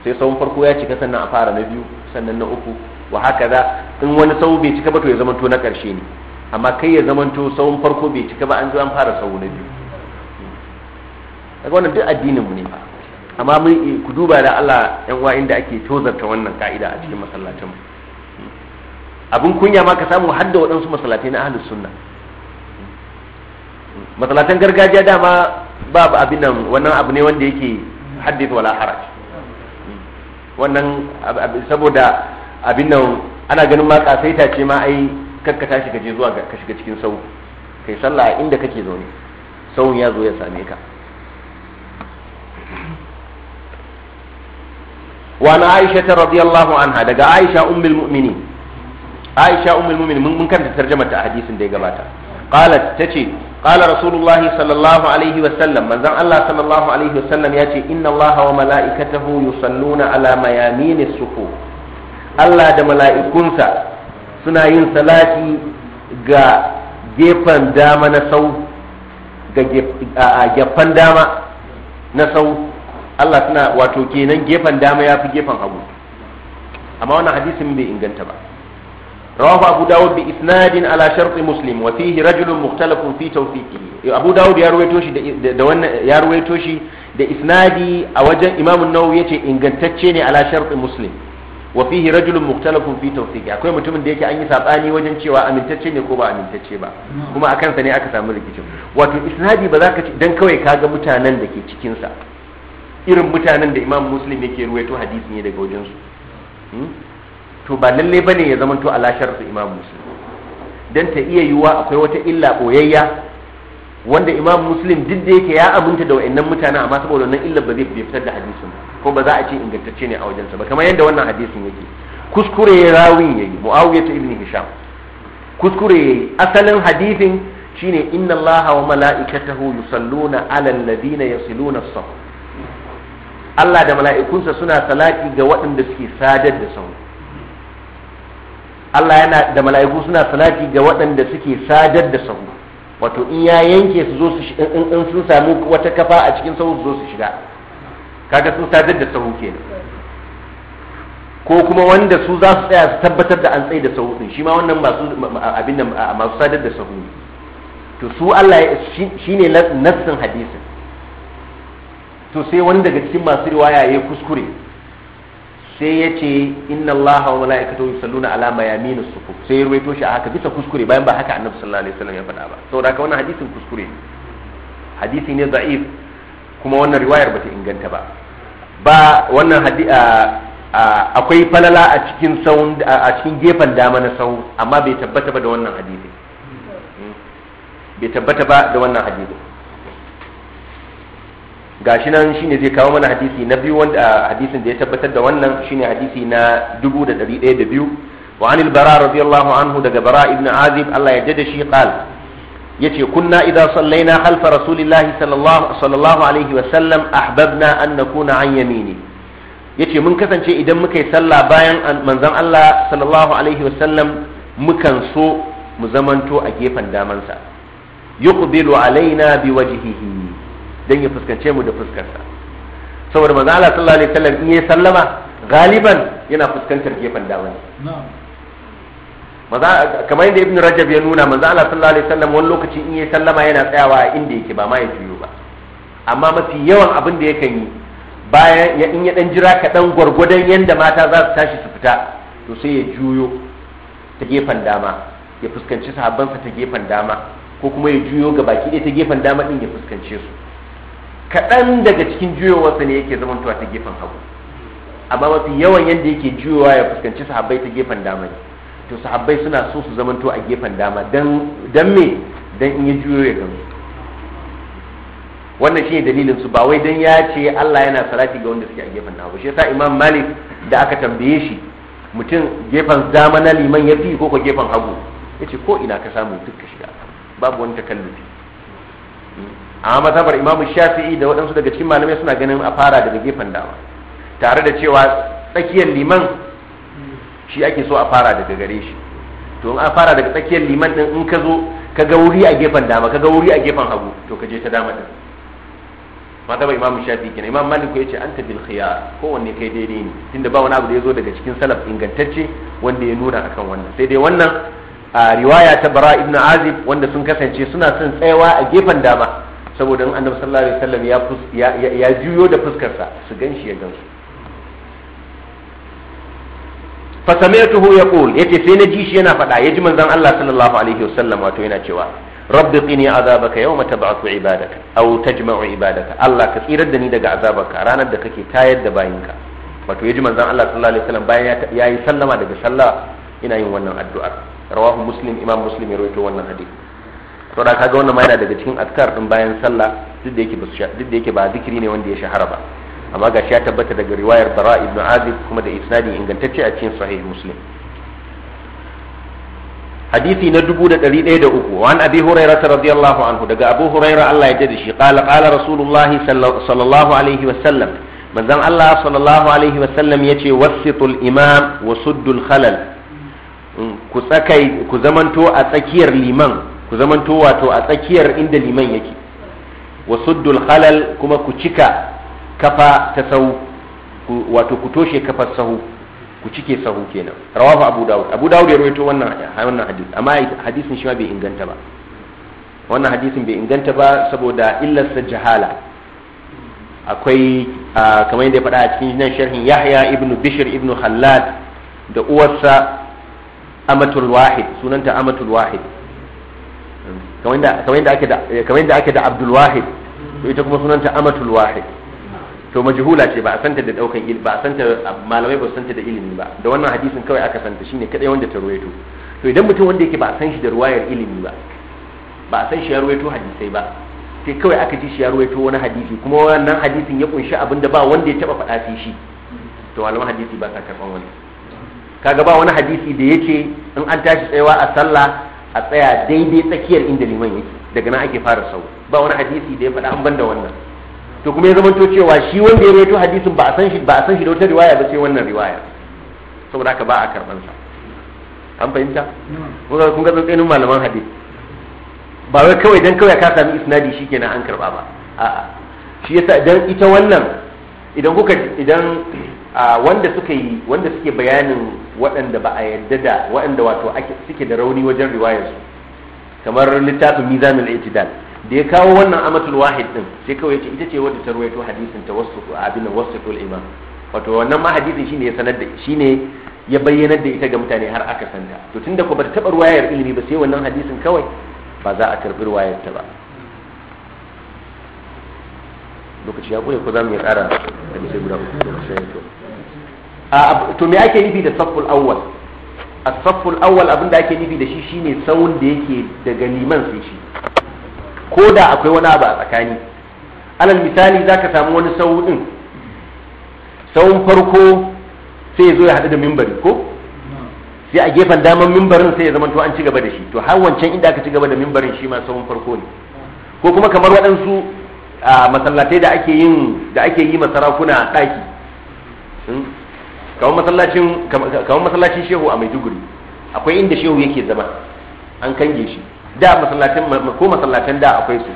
sai sau farko ya cika sannan a fara na biyu sannan na uku wa haka za in wani sau bai cika ba to ya zamanto na karshe ne amma kai ya zamanto sau farko bai cika ba an zo an fara sau na biyu daga wannan duk addinin mu ne fa amma mun eh, ku duba da Allah yan wa inda ake tozarta wannan ka'ida a cikin masallacin mu abin kunya ma ka samu har da waɗansu masallatai na ahlus sunna masalatan gargajiya dama ba abin nan wannan abu ne wanda yake haddith wala haraj wannan saboda abin nan ana ganin ma kasaita ce ma ai tashi ka kaje zuwa ka shiga cikin sau kai sallah inda kake zaune sauyin ya zo ya same ka Wa ta radiyallahu anha daga aisha ummul mu'minin aisha ummul mu'minin mun kanta من ta hadisin da ya gabata. qalat tace qala rasulullahi sallallahu alaihi wa sallam manzon Allah sallallahu alaihi wa sallam yace inna Allah wa mala'ikatahu yusalluna ala mayamin as-sufu Allah da mala'ikunsa suna yin salati ga gefen dama na sau ga gefen dama na sau Allah suna wato kenan gefen dama ya fi gefen hagu amma wannan hadisin bai inganta ba رواه أبو داود بإسناد على شرط مسلم وفيه رجل مختلف في توثيقه أبو داود يروي توشي دوان da isnadi a wajen imamun nawawi yace ingantacce ne ala sharti muslim wa fihi rajulun fi tawfiqi akwai mutumin da yake an yi sabani wajen cewa amintacce ko ba amintacce ba kuma a kansa ne aka samu rikicin wato isnadi ba za ka ci dan kawai ka ga mutanen da ke cikinsa irin mutanen da imam muslim yake ruwaito hadisi ne daga wajen su to ba lalle bane ya zama to ala shartu imam muslim dan ta iya yiwa akwai wata illa boyayya wanda imam muslim duk da yake ya aminta da wa'annan mutanen amma saboda wannan illa ba zai fitar da hadisin ko ba za a ce ingantacce ne a wajen wajensa ba kamar yadda wannan hadisin yake kuskure rawin yayi muawiya ta ibn hisham kuskure yayi asalin hadisin shine inna allaha wa mala'ikatahu yusalluna ala alladhina yasiluna as Allah da mala'ikunsa suna salati ga waɗanda suke sadar da sahu Allah yana da mala'iku suna salati ga waɗanda suke sadar da sahu wato in ya yanke su zo su in sun samu wata kafa a cikin sahu su zo su shiga kaga sun sadar da sahu kenan ko kuma wanda su za su tsaya su tabbatar da an tsaye da sahu din shi ma wannan masu abin nan masu sadar da sahu ne to su Allah shine nassin hadisin to sai wani daga cikin masu riwaya ya kuskure sai ya ce inna Allah wa mala'ikatahu yusalluna ala mayamin as-sufuf sai ya ruwaito shi a haka bisa kuskure bayan ba haka annabi sallallahu alaihi wasallam ya faɗa ba saboda haka wannan hadisin kuskure hadisi ne da'if kuma wannan riwayar bata inganta ba ba wannan akwai falala a cikin saun a cikin gefen dama na sau amma bai tabbata ba da wannan hadisi hmm? bai tabbata ba da wannan hadisi gashi nan shine zai kawo mana hadisi na biyu wanda hadisin da ya tabbatar da wannan shine hadisi na 1102 wa anil bara radiyallahu anhu daga bara ibn azib Allah ya dade shi qal yace kunna idza sallaina khalfa rasulillahi sallallahu sallallahu alaihi wa sallam ahbabna an nakuna an yamini yace mun kasance idan muka yi sallah bayan manzon Allah sallallahu alaihi wa sallam mukan so mu zamanto a gefen damansa yuqbilu alaina biwajhihi dan ya fuskance mu da fuskarsa saboda manzo Allah sallallahu alaihi wasallam in yayi sallama galiban yana fuskantar gefen dama ne kamar yadda ibn rajab ya nuna manzo Allah sallallahu alaihi wasallam wani lokaci in yayi sallama yana tsayawa a inda yake ba ma ya juyo ba amma mafi yawan abin da yakan yi bayan in ya dan jira kaɗan gwargwadon yadda mata za su tashi su fita to sai ya juyo ta gefen dama ya fuskanci sahabbansa ta gefen dama ko kuma ya juyo ga baki ɗaya ta gefen dama ɗin ya fuskance su kaɗan daga cikin juyowarsa ne yake zamantowa ta gefen hagu amma mafi yawan yadda yake juyowa ya fuskanci sahabbai ta gefen dama ne to sahabbai suna so su zamanto a gefen dama dan me dan in ya juyo ya wannan shine dalilin su ba wai dan ya ce Allah yana salati ga wanda suke a gefen dama shi yasa Imam Malik da aka tambaye shi mutum gefen dama na liman ya fi ko ko gefen hagu ce ko ina ka samu duk ka shiga babu wani takallufi a mazhabar imamu shafi'i da waɗansu daga cikin malamai suna ganin a fara daga gefen dama tare da cewa tsakiyar liman shi ake so a fara daga gare shi to in an fara daga tsakiyar liman din in ka zo ka ga wuri a gefen dama ka ga wuri a gefen hagu to ka je ta dama din mazhabar imamu shafi'i kenan imam malik ya ce anta bil khiyar kowanne kai daidai ne tunda ba wani abu da ya zo daga cikin salaf ingantacce wanda ya nuna akan wannan sai dai wannan a riwaya ta bara ibn azib wanda sun kasance suna son tsayawa a gefen dama saboda in annabi sallallahu alaihi wasallam ya ya juyo da fuskarsa su ganshi ya gansu fa sami'tuhu yaqul yace sai na ji shi yana faɗa yaji manzon Allah sallallahu alaihi wasallam wato yana cewa rabbi qini azabaka yawma tab'athu ibadaka aw tajma'u ibadaka Allah ka tsirar da ni daga azabarka ranar da kake tayar da bayinka wato yaji manzon Allah sallallahu alaihi wasallam bayan yi sallama daga sallah ina yin wannan addu'ar rawahu muslim imam muslim ya rawaito wannan hadisi da kaga wannan ma yana daga cikin azkar din bayan sallah duk da yake ba duk da yake ba zikiri ne wanda ya shahara ba amma ga shi ya tabbata daga riwayar bara ibn azib kuma da isnadi ingantacce a cikin sahih muslim hadisi na dubu da uku wa an abi ta radiyallahu anhu daga abu huraira Allah ya jada shi qala qala rasulullahi sallallahu alaihi wa sallam Allah sallallahu alaihi wa sallam yace wasitul imam wa suddul khalal mm, ku tsakai ku zamanto a tsakiyar liman ku zamanto wato a tsakiyar inda liman yake wa suddul khalal kuma ku cika kafa ta sahu wato ku toshe kafar sahu ku cike sahu kenan rawahu abu dawud abu dawud ya rawaito wannan wannan hadisi amma hadisin shi ma bai inganta ba wannan hadisin bai inganta ba saboda sa jahala akwai kamar yadda ya faɗa a cikin nan sharhin yahya ibnu bishr ibnu khallad da uwarsa amatul wahid sunanta amatul wahid kamar yadda ake da abdul wahid to ita kuma sunanta amatul wahid to majhula ce ba a santa da daukan ilimi ba a santa malamai ba santa da ilimi ba da wannan hadisin kawai aka santa shine kadai wanda ta ruwaito to idan mutum wanda yake ba a san shi da ruwayar ilimi ba ba a san shi ya ruwaito hadisai ba sai kawai aka ji shi ya ruwaito wani hadisi kuma wannan hadisin ya kunshi abin da ba wanda ya taba faɗa sai shi to malaman hadisi ba sa karɓan wani kaga ba wani hadisi da yake in an tashi tsayawa a sallah a tsaya daidai tsakiyar inda liman yake daga nan ake fara sau ba wani hadisi da ya faɗa an banda wannan to kuma ya zama to cewa shi wanda ya rawaito hadisin ba a san shi ba a san shi da wata riwaya ba sai wannan riwaya saboda haka ba a karban sa an fahimta kun ga kun ga tsantsanin malaman hadis ba wai kawai dan kawai ka sami isnadi shikenan an karba ba a'a shi yasa dan ita wannan idan kuka idan wanda suka yi wanda suke bayanin waɗanda ba a yadda da waɗanda wato suke da rauni wajen riwayarsu kamar littafin mizanul itidal da ya kawo wannan amatul wahid din sai kawai yace ita ce wadda ta ruwaito hadisin wasu abin wasatul imam wato wannan ma hadisin shine ya sanar da shine ya bayyanar da ita ga mutane har aka santa to tunda ko bata taba ruwayar ilimi ba sai wannan hadisin kawai ba za a karbi ruwayar ta ba lokaci ya kure ko za mu yi tsara da sai guda uku sai to to me ake nufi da safful awwal A safful awwal abinda ake nufi da shi shine tsawon da yake daga liman sai shi ko da akwai wani abu a tsakani alal misali zaka samu wani sawu din farko sai ya zo ya haɗu da mimbari ko sai a gefen daman mimbarin sai ya zama to an ci gaba da shi to har wancan inda aka ci gaba da mimbarin shi ma sawun farko ne ko kuma kamar waɗansu a masallatai da ake yin da ake yi masarakuna ɗaki hmm? kamar masallacin shehu a maiduguri akwai inda shehu yake zama an kange shi da masallacin ko masallacin da akwai su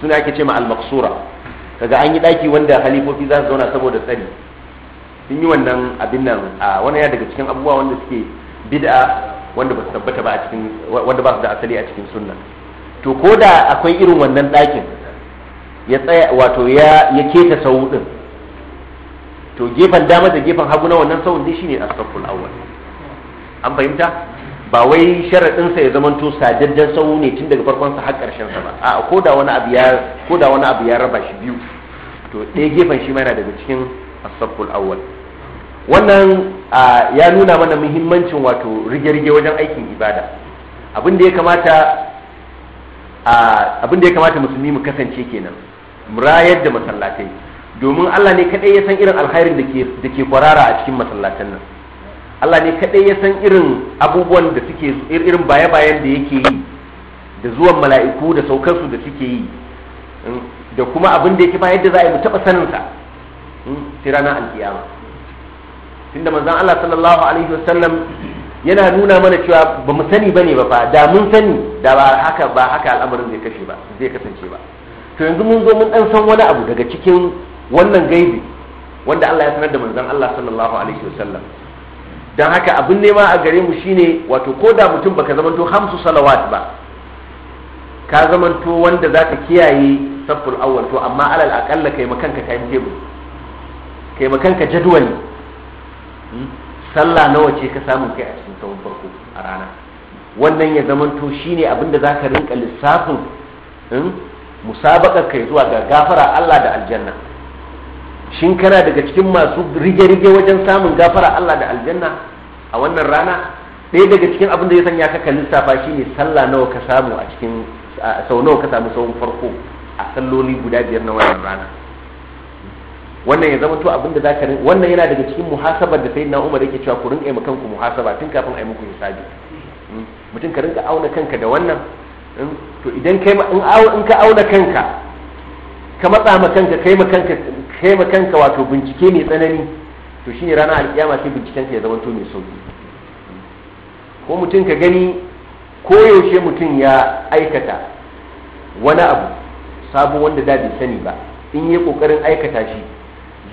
suna ake ce ma al-maqsura kaga an yi daki wanda halifofi za su zauna saboda tsari sun yi wannan abin nan a wani ya daga cikin abubuwa wanda suke bid'a wanda ba su tabbata ba a cikin wanda ba su da asali a cikin sunna to ko da akwai irin wannan dakin ya tsaya wato ya ya keta sau din to gefen dama da gefen hagu na wannan sahun dai shine as-saful an fahimta ba wai sharaɗinsa sa ya zamanto sadaddan sau ne tun daga farkon sa har ƙarshen sa ba a da wani abu ya ko da wani abu ya raba shi biyu to ɗaya gefen shi ma yana daga cikin as-saful wannan ya nuna mana muhimmancin wato rige-rige wajen aikin ibada abin da ya kamata abin da ya kamata musulmi mu kasance kenan mu rayar da masallatai domin Allah ne kadai ya san irin alkhairin da ke kwarara a cikin masallatan nan Allah ne kadai ya san irin abubuwan da suke irin baye-bayen da yake yi da zuwan mala'iku da saukansu da suke yi mm, da kuma abin da yake ba yadda za a yi mu taɓa saninsa mm, sai ranar alkiyama tunda manzon Allah sallallahu alaihi wasallam yana nuna mana cewa ba mu sani bane ba fa da mun sani da ba haka ba haka al'amarin zai kashe ba zai kasance ba to yanzu mun zo mun dan san wani abu daga cikin wannan gaibi wanda Allah ya sanar da manzon Allah sallallahu alaihi wasallam dan haka abin nema a gare mu shine wato ko da mutum baka zamanto hamsu salawat ba ka zamanto wanda zaka kiyaye safful awwal to amma alal aqalla kai makanka time kai makanka jadwali hmm? sallah nawa ce ka samu kai a cikin sahun farko a rana wannan ya zamanto shine abin da zaka rinka lissafin hmm? musabaka kai zuwa ga gafara Allah da aljanna shin kana daga cikin masu rige-rige wajen samun gafara Allah da aljanna a wannan rana ɗaya daga cikin abin da ya sanya ka shi shine sallah nawa ka samu a cikin sau nawa ka samu sauran farko a salloli guda biyar na wannan rana wannan ya zama to abin da zaka wannan yana daga cikin muhasabar da sayyidina Umar yake cewa ku rinka yi kanku muhasaba tun kafin a yi muku hisabi hmm? mutum ka rinka auna kanka da wannan hmm? to idan kai in ka auna kanka ka matsa ma kanka kai ma kanka kai ma kanka wato bincike mai tsanani to shine rana alkiyama sai ka ya zama to mai sauki ko mutum ka gani ko yaushe mutum ya aikata wani abu sabo wanda da bai sani ba in yi kokarin aikata shi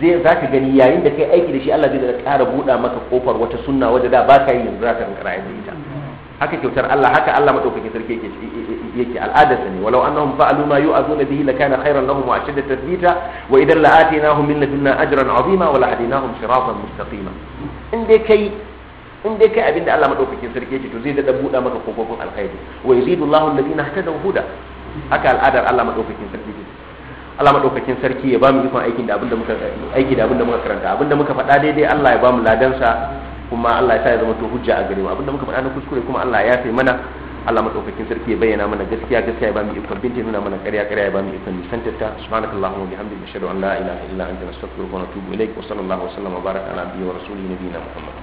zai za ka gani yayin da kai aiki da shi Allah zai da ƙara buɗa maka kofar wata sunna wadda da ba ka yi yanzu za ka rinka rayuwa ita haka kyautar Allah haka Allah madaukakin sarki yake yake al'adarsa ne walau annahum fa'alu ma yu'azuna bihi lakana khairan lahum wa ashadda tathbita wa idan la'atinahum min ladunna ajran 'azima wa lahadinahum siratan mustaqima in dai kai in dai kai abinda Allah madaukakin sarki yake to zai da buɗa maka kofofin alkhairi wa yazidu Allahu alladhina ihtadaw huda haka al'adar Allah madaukakin sarki Allah madaukakin sarki ya bamu ikon aikin da abinda muka aiki da abinda muka karanta abinda muka faɗa daidai Allah ya bamu ladansa kuma Allah ya sa ya zama to hujja a gare mu abinda muka faɗa na kuskure kuma Allah ya yafe mana Allah madaukakin sarki ya bayyana mana gaskiya gaskiya ya bamu ikon binta nuna mana ƙarya ƙarya ya bamu ikon nisantarta subhanakallahumma wa bihamdika ashhadu an la ilaha illa anta nastaghfiruka wa natubu ilaik wa sallallahu wa sallama baraka ala nabiyyi wa rasulihi nabiyina muhammad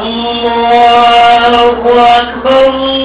الله أكبر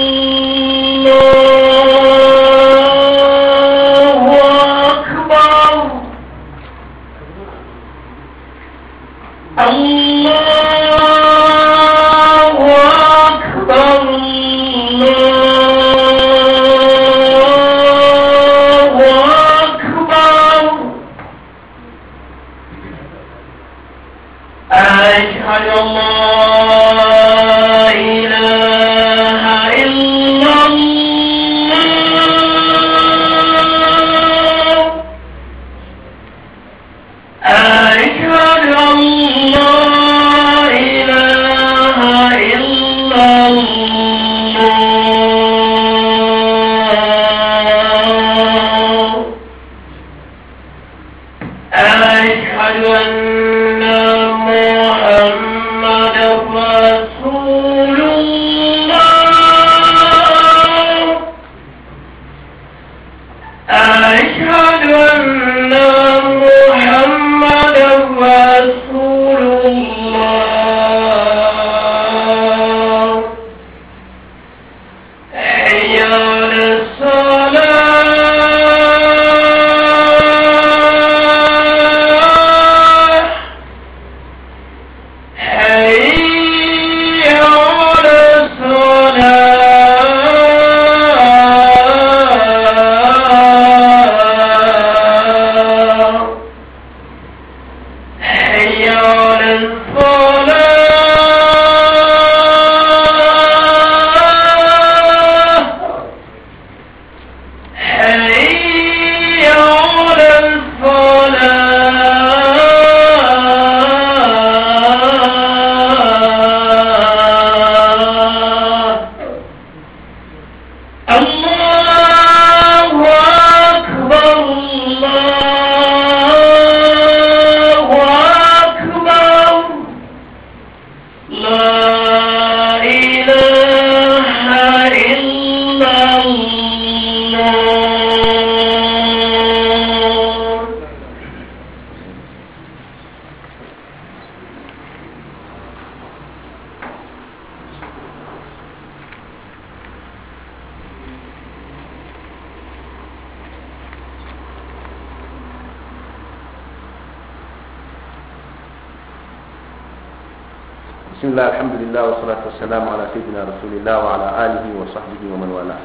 alhamdulillah wa salatu wassalamu ala sayyidina rasulillah wa ala alihi wa sahbihi wa man wala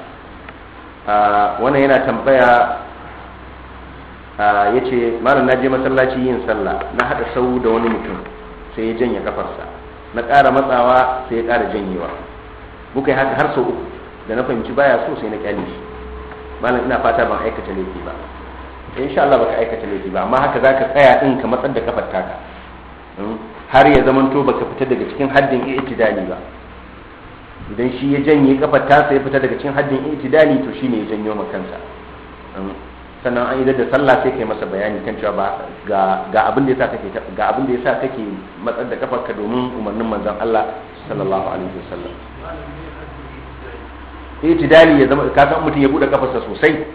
ah, wannan yana tambaya ah, yace malam na je masallaci yin sallah na hada sau da wani mutum sai ya janye kafarsa na ƙara matsawa sai ya ƙara janyewa muka yi haka har sau uku da na fahimci baya so sai na kyale shi malam ina fata ban aikata laifi ba insha Allah baka aikata laifi ba amma haka zaka tsaya din ka matsar da kafar taka hmm? har ya to baka fita daga cikin haddin i'tidali ba idan shi ya janye kafar tasa ya fita daga cikin haddin i'tidali to shine ya janyo ma kansa sannan an idar da sallah sai kai masa bayani kan cewa ba ga abin da yasa kake ga abin da yasa kake matsar da kafarka domin umarnin manzon Allah sallallahu alaihi wasallam i'tidali ya zama ka san mutum ya bude kafarsa sosai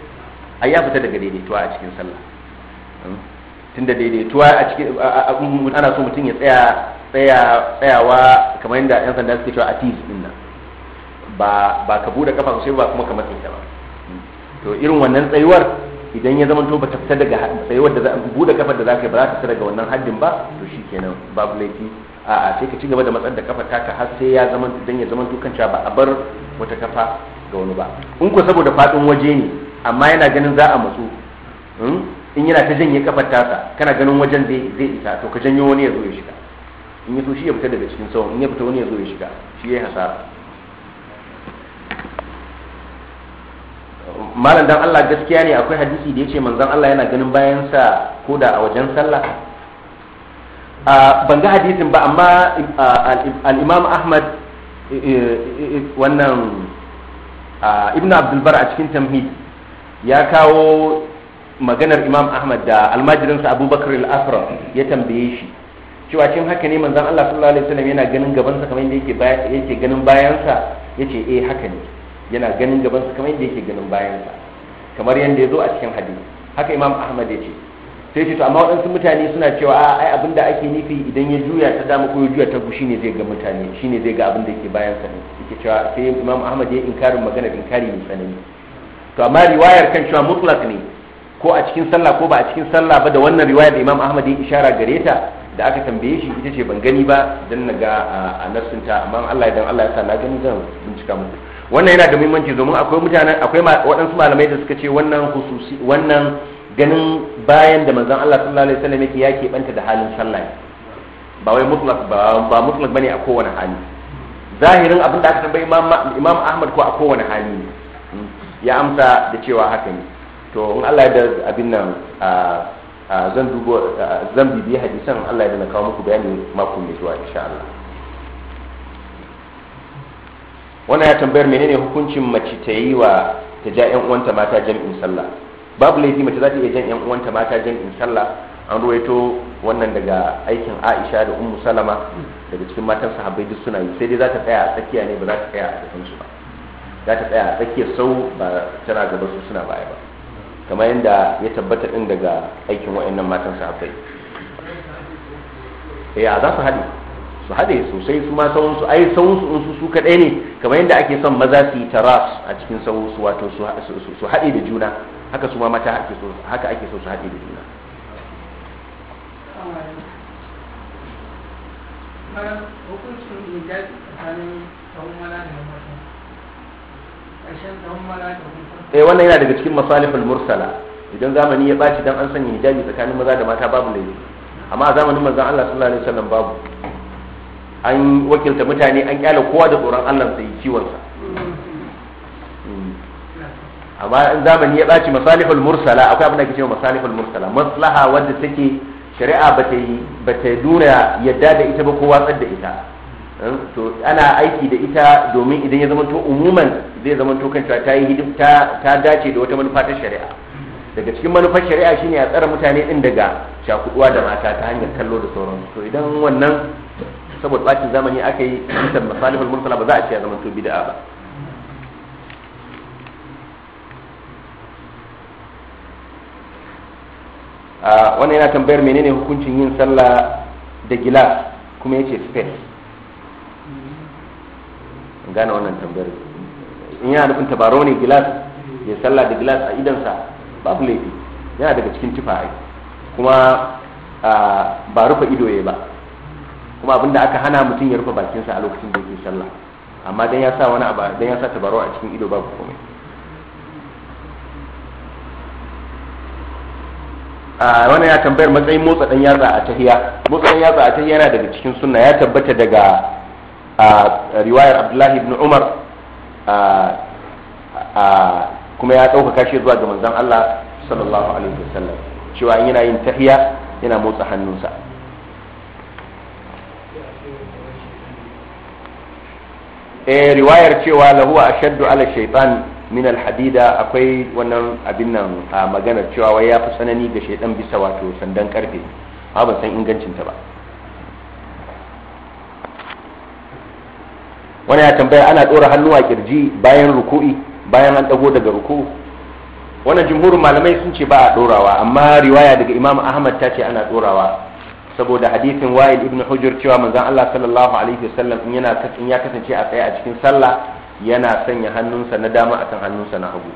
ai ya fita daga daidaituwa a cikin sallah tunda daidaituwa a cikin ana so mutum ya tsaya tsaya tsayawa kamar yadda yan sanda suke cewa atiz din nan ba ba ka bude kafa sosai ba kuma kamar matsayi ba to irin wannan tsayuwar idan ya to ba ta fita daga tsayuwar da za bude kafar da ka yi ba za ta fita daga wannan haddin ba to shikenan babu laifi a a sai ka ci gaba da matsar da kafa taka har sai ya zama idan ya kan kanta ba a bar wata kafa ga wani ba in ko saboda fadin waje ne amma yana ganin za a matsu hmm? in yana ta janye kafar tasa kana ganin wajen zai zai isa to ka janyo wani ya zo ya shiga in yi so shi ya fita daga cikin sauran in ya fita wani ya zo ya shiga shi ya yi hasara malam dan Allah gaskiya ne akwai hadisi da yace manzon Allah yana ganin bayan sa ko da a wajen sallah ban ga hadisin ba amma al-Imam Ahmad wannan Ibn Abdul Bar a cikin tamhid ya kawo maganar imam ahmad da almajirinsa abubakar al-afra ya tambaye shi cewa cin haka ne manzon allah sallallahu alaihi wasallam yana ganin gabansa kamar yadda yake yake ganin bayansa yace eh haka ne yana ganin gabansa kamar yadda yake ganin bayansa kamar yadda ya zo a cikin hadisi haka imam ahmad ya ce sai ce to amma waɗansu mutane suna cewa a ai abin da ake nufi idan ya juya ta dama ko ya juya ta gushi ne zai ga mutane shine zai ga abin da yake bayan sa ne yake cewa sai imam ahmad ya inkarin magana inkari ne tsanani to amma riwayar kan cewa mutlaq ne ko a cikin sallah ko ba a cikin sallah ba da wannan riwaya da imam ahmad ya ishara gare ta da aka tambaye shi ita ce ban gani ba dan na ga a nafsinta amma Allah ya dan Allah ya sa na gani zan bincika muku wannan yana da muhimmanci domin akwai mutanen akwai waɗansu malamai da suka ce wannan hususi wannan ganin bayan da manzon Allah sallallahu alaihi wasallam yake yake banta da halin sallah ba wai mutlaq ba ba mutlaq bane a kowane hali zahirin abin da aka tambaye imam imam Ahmad ko a kowane hali ne hmm. ya amsa da cewa haka ne to in Allah ya da abin nan zan dubo zan bibiyi hadisan Allah da na kawo muku bayani mako mai zuwa insha Allah wannan ya tambayar menene hukuncin mace ta yi wa ta ja yan uwanta mata jami'in sallah babu laifi mace za ta iya jan yan uwanta mata jami'in sallah an ruwaito wannan daga aikin aisha da ummu salama daga cikin matan sahabbai duk suna yi sai dai za ta tsaya a tsakiya ne ba za ta tsaya a su ba za ta tsaya a tsakiya sau ba tana gaba su suna baya ba kamar yadda ya tabbata ɗin daga aikin wa'annan matan sahabbai eh za su haɗe su haɗe sosai su ma sauran su ai sauran su su su kaɗai ne kamar yadda ake son maza su yi taras a cikin sauran su wato su haɗe da juna haka su ma mata ake so haka ake so su haɗe da juna hukuncin hijabi tsakanin tsawon da eh wannan yana daga cikin masalihul mursala idan zamani ya baci dan an sanya hijabi tsakanin maza da mata babu laifi amma a zamanin manzon Allah sallallahu alaihi wasallam babu an wakilta mutane an kyale kowa da tsoron Allah sai kiwon sa hmm. amma in zamani ya baci masalihul mursala akwai abin da ake cewa masalihul mursala maslaha wadda take shari'a ba ta yi ba ta dura yadda da ita ba ko watsar da ita to ana aiki da ita domin idan ya zamanto umuman zai zamanto kan ta yi ta dace da wata manufa ta shari'a daga cikin manufar shari'a shine a tsara mutane din daga shakuduwa da mata ta hanyar kallo da sauran to idan wannan saboda bacin zamani aka yi bisan masalihul mursala ba za a ce ya to bid'a ba ah, wannan yana tambayar menene hukuncin yin sallah da gilas kuma yace space in gane wannan tambayar in yana nufin tabaro ne gilas ya sallah da gilas a idansa babu laifi yana daga cikin tufa ai kuma ba rufe ido ya ba kuma abinda aka hana mutum ya rufe bakinsa a lokacin da yake sallah amma dan ya sa wani abu dan ya sa tabaro a cikin ido babu komai wannan ya tambayar matsayin motsa dan yatsa a tahiya motsa dan yatsa a tahiya yana daga cikin sunna ya tabbata daga a riwayar abdullahi ibn umar kuma ya ɗaukaka shi zuwa ga manzon Allah sallallahu alaihi wasallam cewa yana yin tahiya yana motsa hannunsa eh riwayar cewa lahu shaddu ala shaitan min alhadida akwai wannan abin nan a maganar cewa wai ya fi sanani ga shaidan bisa wato sandan karfe ba ban san ingancinta ba wani ya tambaya ana ɗora hannu a kirji bayan ruku'i bayan an ɗago daga ruku wannan jumhurin malamai sun ce ba a ɗorawa amma riwaya daga imam ahmad ta ce ana ɗorawa saboda hadisin wa'il ibn hujjar cewa manzon allah sallallahu alaihi wasallam in ya kasance a tsaye a cikin sallah yana sanya hannunsa na dama akan hannunsa na hagu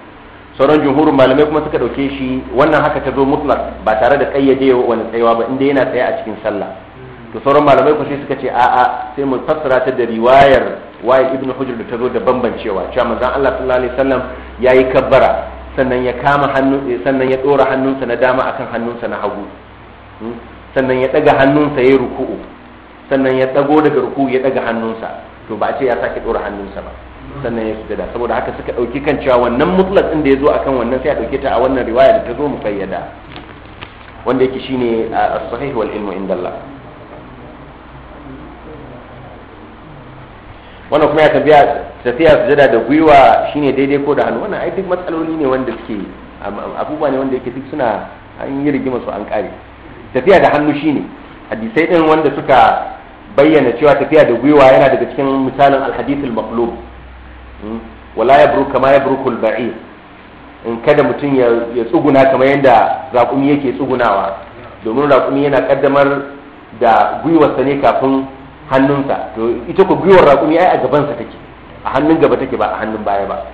sauran jumhurin malamai kuma suka ɗauke shi wannan haka ta zo mutlak ba tare da ƙayyade wani tsayawa ba inda yana tsaye a cikin sallah to sauran malamai kuma sai suka ce a'a sai mu fassara ta da riwayar waye ibnu hujr da ta zo da bambancewa cewa manzon Allah sallallahu alaihi wasallam yayi kabbara sannan ya kama hannu eh, sannan ya dora hannunsa na dama akan hannunsa na hagu hmm? sannan ya daga hannunsa yayi ruku'u sannan ya dago daga ruku'u ya daga hannunsa to ba a ce ya sake dora hannunsa ba sannan ya sujada saboda haka suka dauki kan cewa wannan mutlaq din da ya zo akan wannan sai a dauke ta a wannan riwaya da ta zo mu fayyada wanda yake shine ah, as-sahih wal ilmu indallah wannan kuma ya tafiya tafiya sujada da gwiwa shine daidai ko da hannu wannan ai duk matsaloli ne wanda suke abubuwa ne wanda yake duk suna an yi rigima su an kare tafiya da hannu shine hadisai din wanda suka bayyana cewa tafiya da gwiwa yana daga cikin misalin alhadithul maqlub hmm? wala yabru kama yabruku al in kada mutum ya tsuguna kamar yadda raƙumi yake tsugunawa domin raƙumi yana kaddamar da gwiwarsa ne kafin hannunsa to ita ko gwiwar raƙumi ai a gabansa take a hannun gaba take ba a hannun baya ba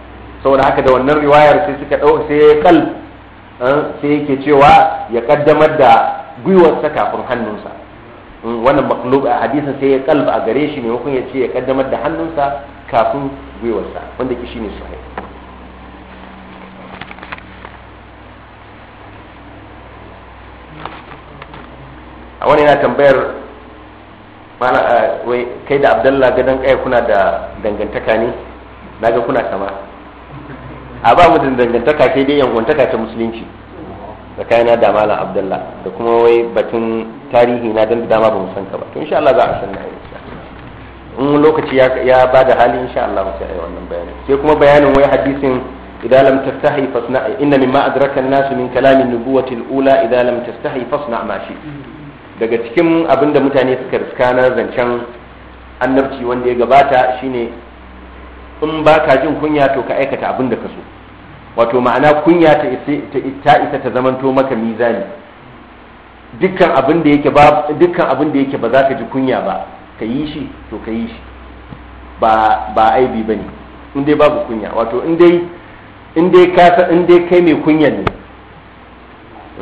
saboda haka da wannan riwayar sai suka ɗau sai kal eh, sai yake cewa ya kaddamar da gwiwarsa kafin hannunsa mm, wannan maklub a hadisin sai ya kalba a gare shi maimakon ya ce ya kaddamar da hannunsa kafin gwiwarsa wanda ki shine sahih a wani yana tambayar Eh, kai da abdallah gadon kaya kuna da dangantaka ne naga kuna kama a ba mu da dangantaka sai dai yankuntaka ta musulunci kai na malam abdallah da kuma wai batun tarihi na dan dama ba mu san ka ba to insha Allah za a san na in lokaci ya ba da hali insha Allah sai wannan bayanin sai kuma bayanin wai hadisin idan lam tastahi fasna inna mimma adraka an-nas min kalamin an-nubuwati al-ula idan lam tastahi fasna ma shi daga cikin abin da mutane suka riska na zancen annabci wanda ya gabata shine in ba ka jin kunya to ka aikata abin da ka so wato ma'ana kunya ta isa ta zamanto maka mizani dukkan abin da yake ba dukkan abin da yake ba za ka ji kunya ba ka yi shi to ka yi shi ba ba aibi bane in dai babu kunya wato in dai in dai ka in dai kai mai kunya ne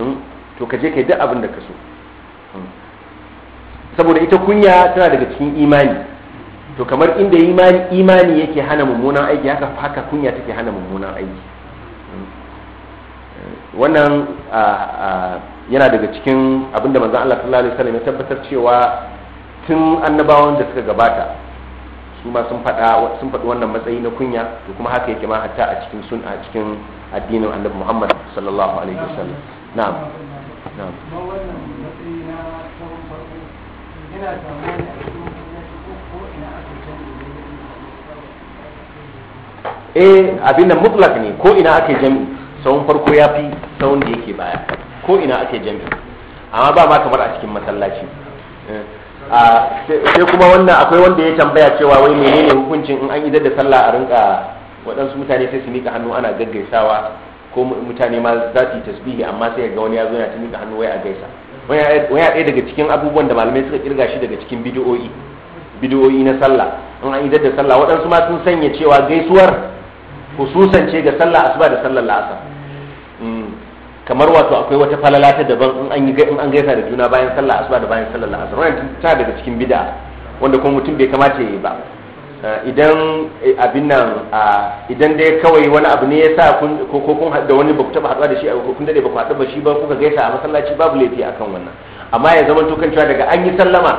hmm, to ka je kai duk abin da ka so saboda ita kunya tana daga cikin imani to kamar inda imani imani yake hana mummunan aiki haka haka kunya take hana mummunan aiki wannan yana daga cikin abinda manzo Allah sallallahu alaihi wasallam ya tabbatar cewa tun annabawan da suka gabata su ma sun faɗa sun faɗi wannan matsayi na kunya to kuma haka yake ma hatta a cikin sun a cikin addinin Annabi Muhammad sallallahu alaihi wasallam na'am na'am eh abin nan mutlak ne ko ina ake jami'i tsawon farko ya fi tsawon da yake baya ko ina ake jami'i amma ba ma kamar a cikin masallaci eh, sai kuma wannan akwai wanda ya tambaya cewa wai menene hukuncin in an idar da sallah a rinka waɗansu mutane sai su mika hannu ana gaggaisawa ko mutane ma za su yi tasbihi amma sai ga wani ya zo yana ta mika hannu wai a gaisa Wani ɗaya daga cikin abubuwan da malamai suka kirga shi daga cikin bidiyoyi bidiyoyi na sallah in an idar da sallah waɗansu ma sun sanya cewa gaisuwar hususan ce ga sallah asuba da sallar la'asar hmm. kamar wato akwai wata falala ta daban in an yi in an gaisa da juna bayan sallah asuba da bayan sallar la'asar wannan ta daga cikin bid'a wanda kuma mutum bai kamata ya yi ba Eh, idan eh, abin nan idan dai kawai wani abu ne ya sa ko kun da wani ba ku taba haɗuwa da shi ko kun dade ba ku haɗu ba shi ba kuka gaisa a masallaci babu laifi akan wannan amma ya zama to kan cewa daga an yi sallama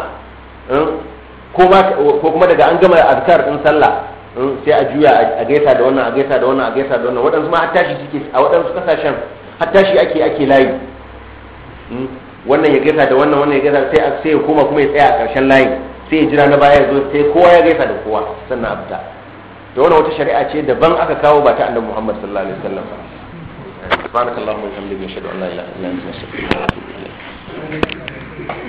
eh, ko kuma daga an gama azkar din sallah sai a juya a gaisa da wannan a gaisa da wannan a gaisa da wannan waɗansu ma har tashi suke a waɗansu kasashen har tashi ake ake layi hmm? wannan ya gaisa da wannan wannan ya gaisa sai sai ya koma kuma ya tsaya a ƙarshen layin sai ya jira na baya ya zo sai kowa ya gaisa da kowa sannan a fita da wani wata shari'a ce daban aka kawo ba ta annabi Muhammad sallallahu alaihi wasallam ba subhanakallahumma wa bihamdika ashhadu an la ilaha illa anta astaghfiruka wa atubu ilaik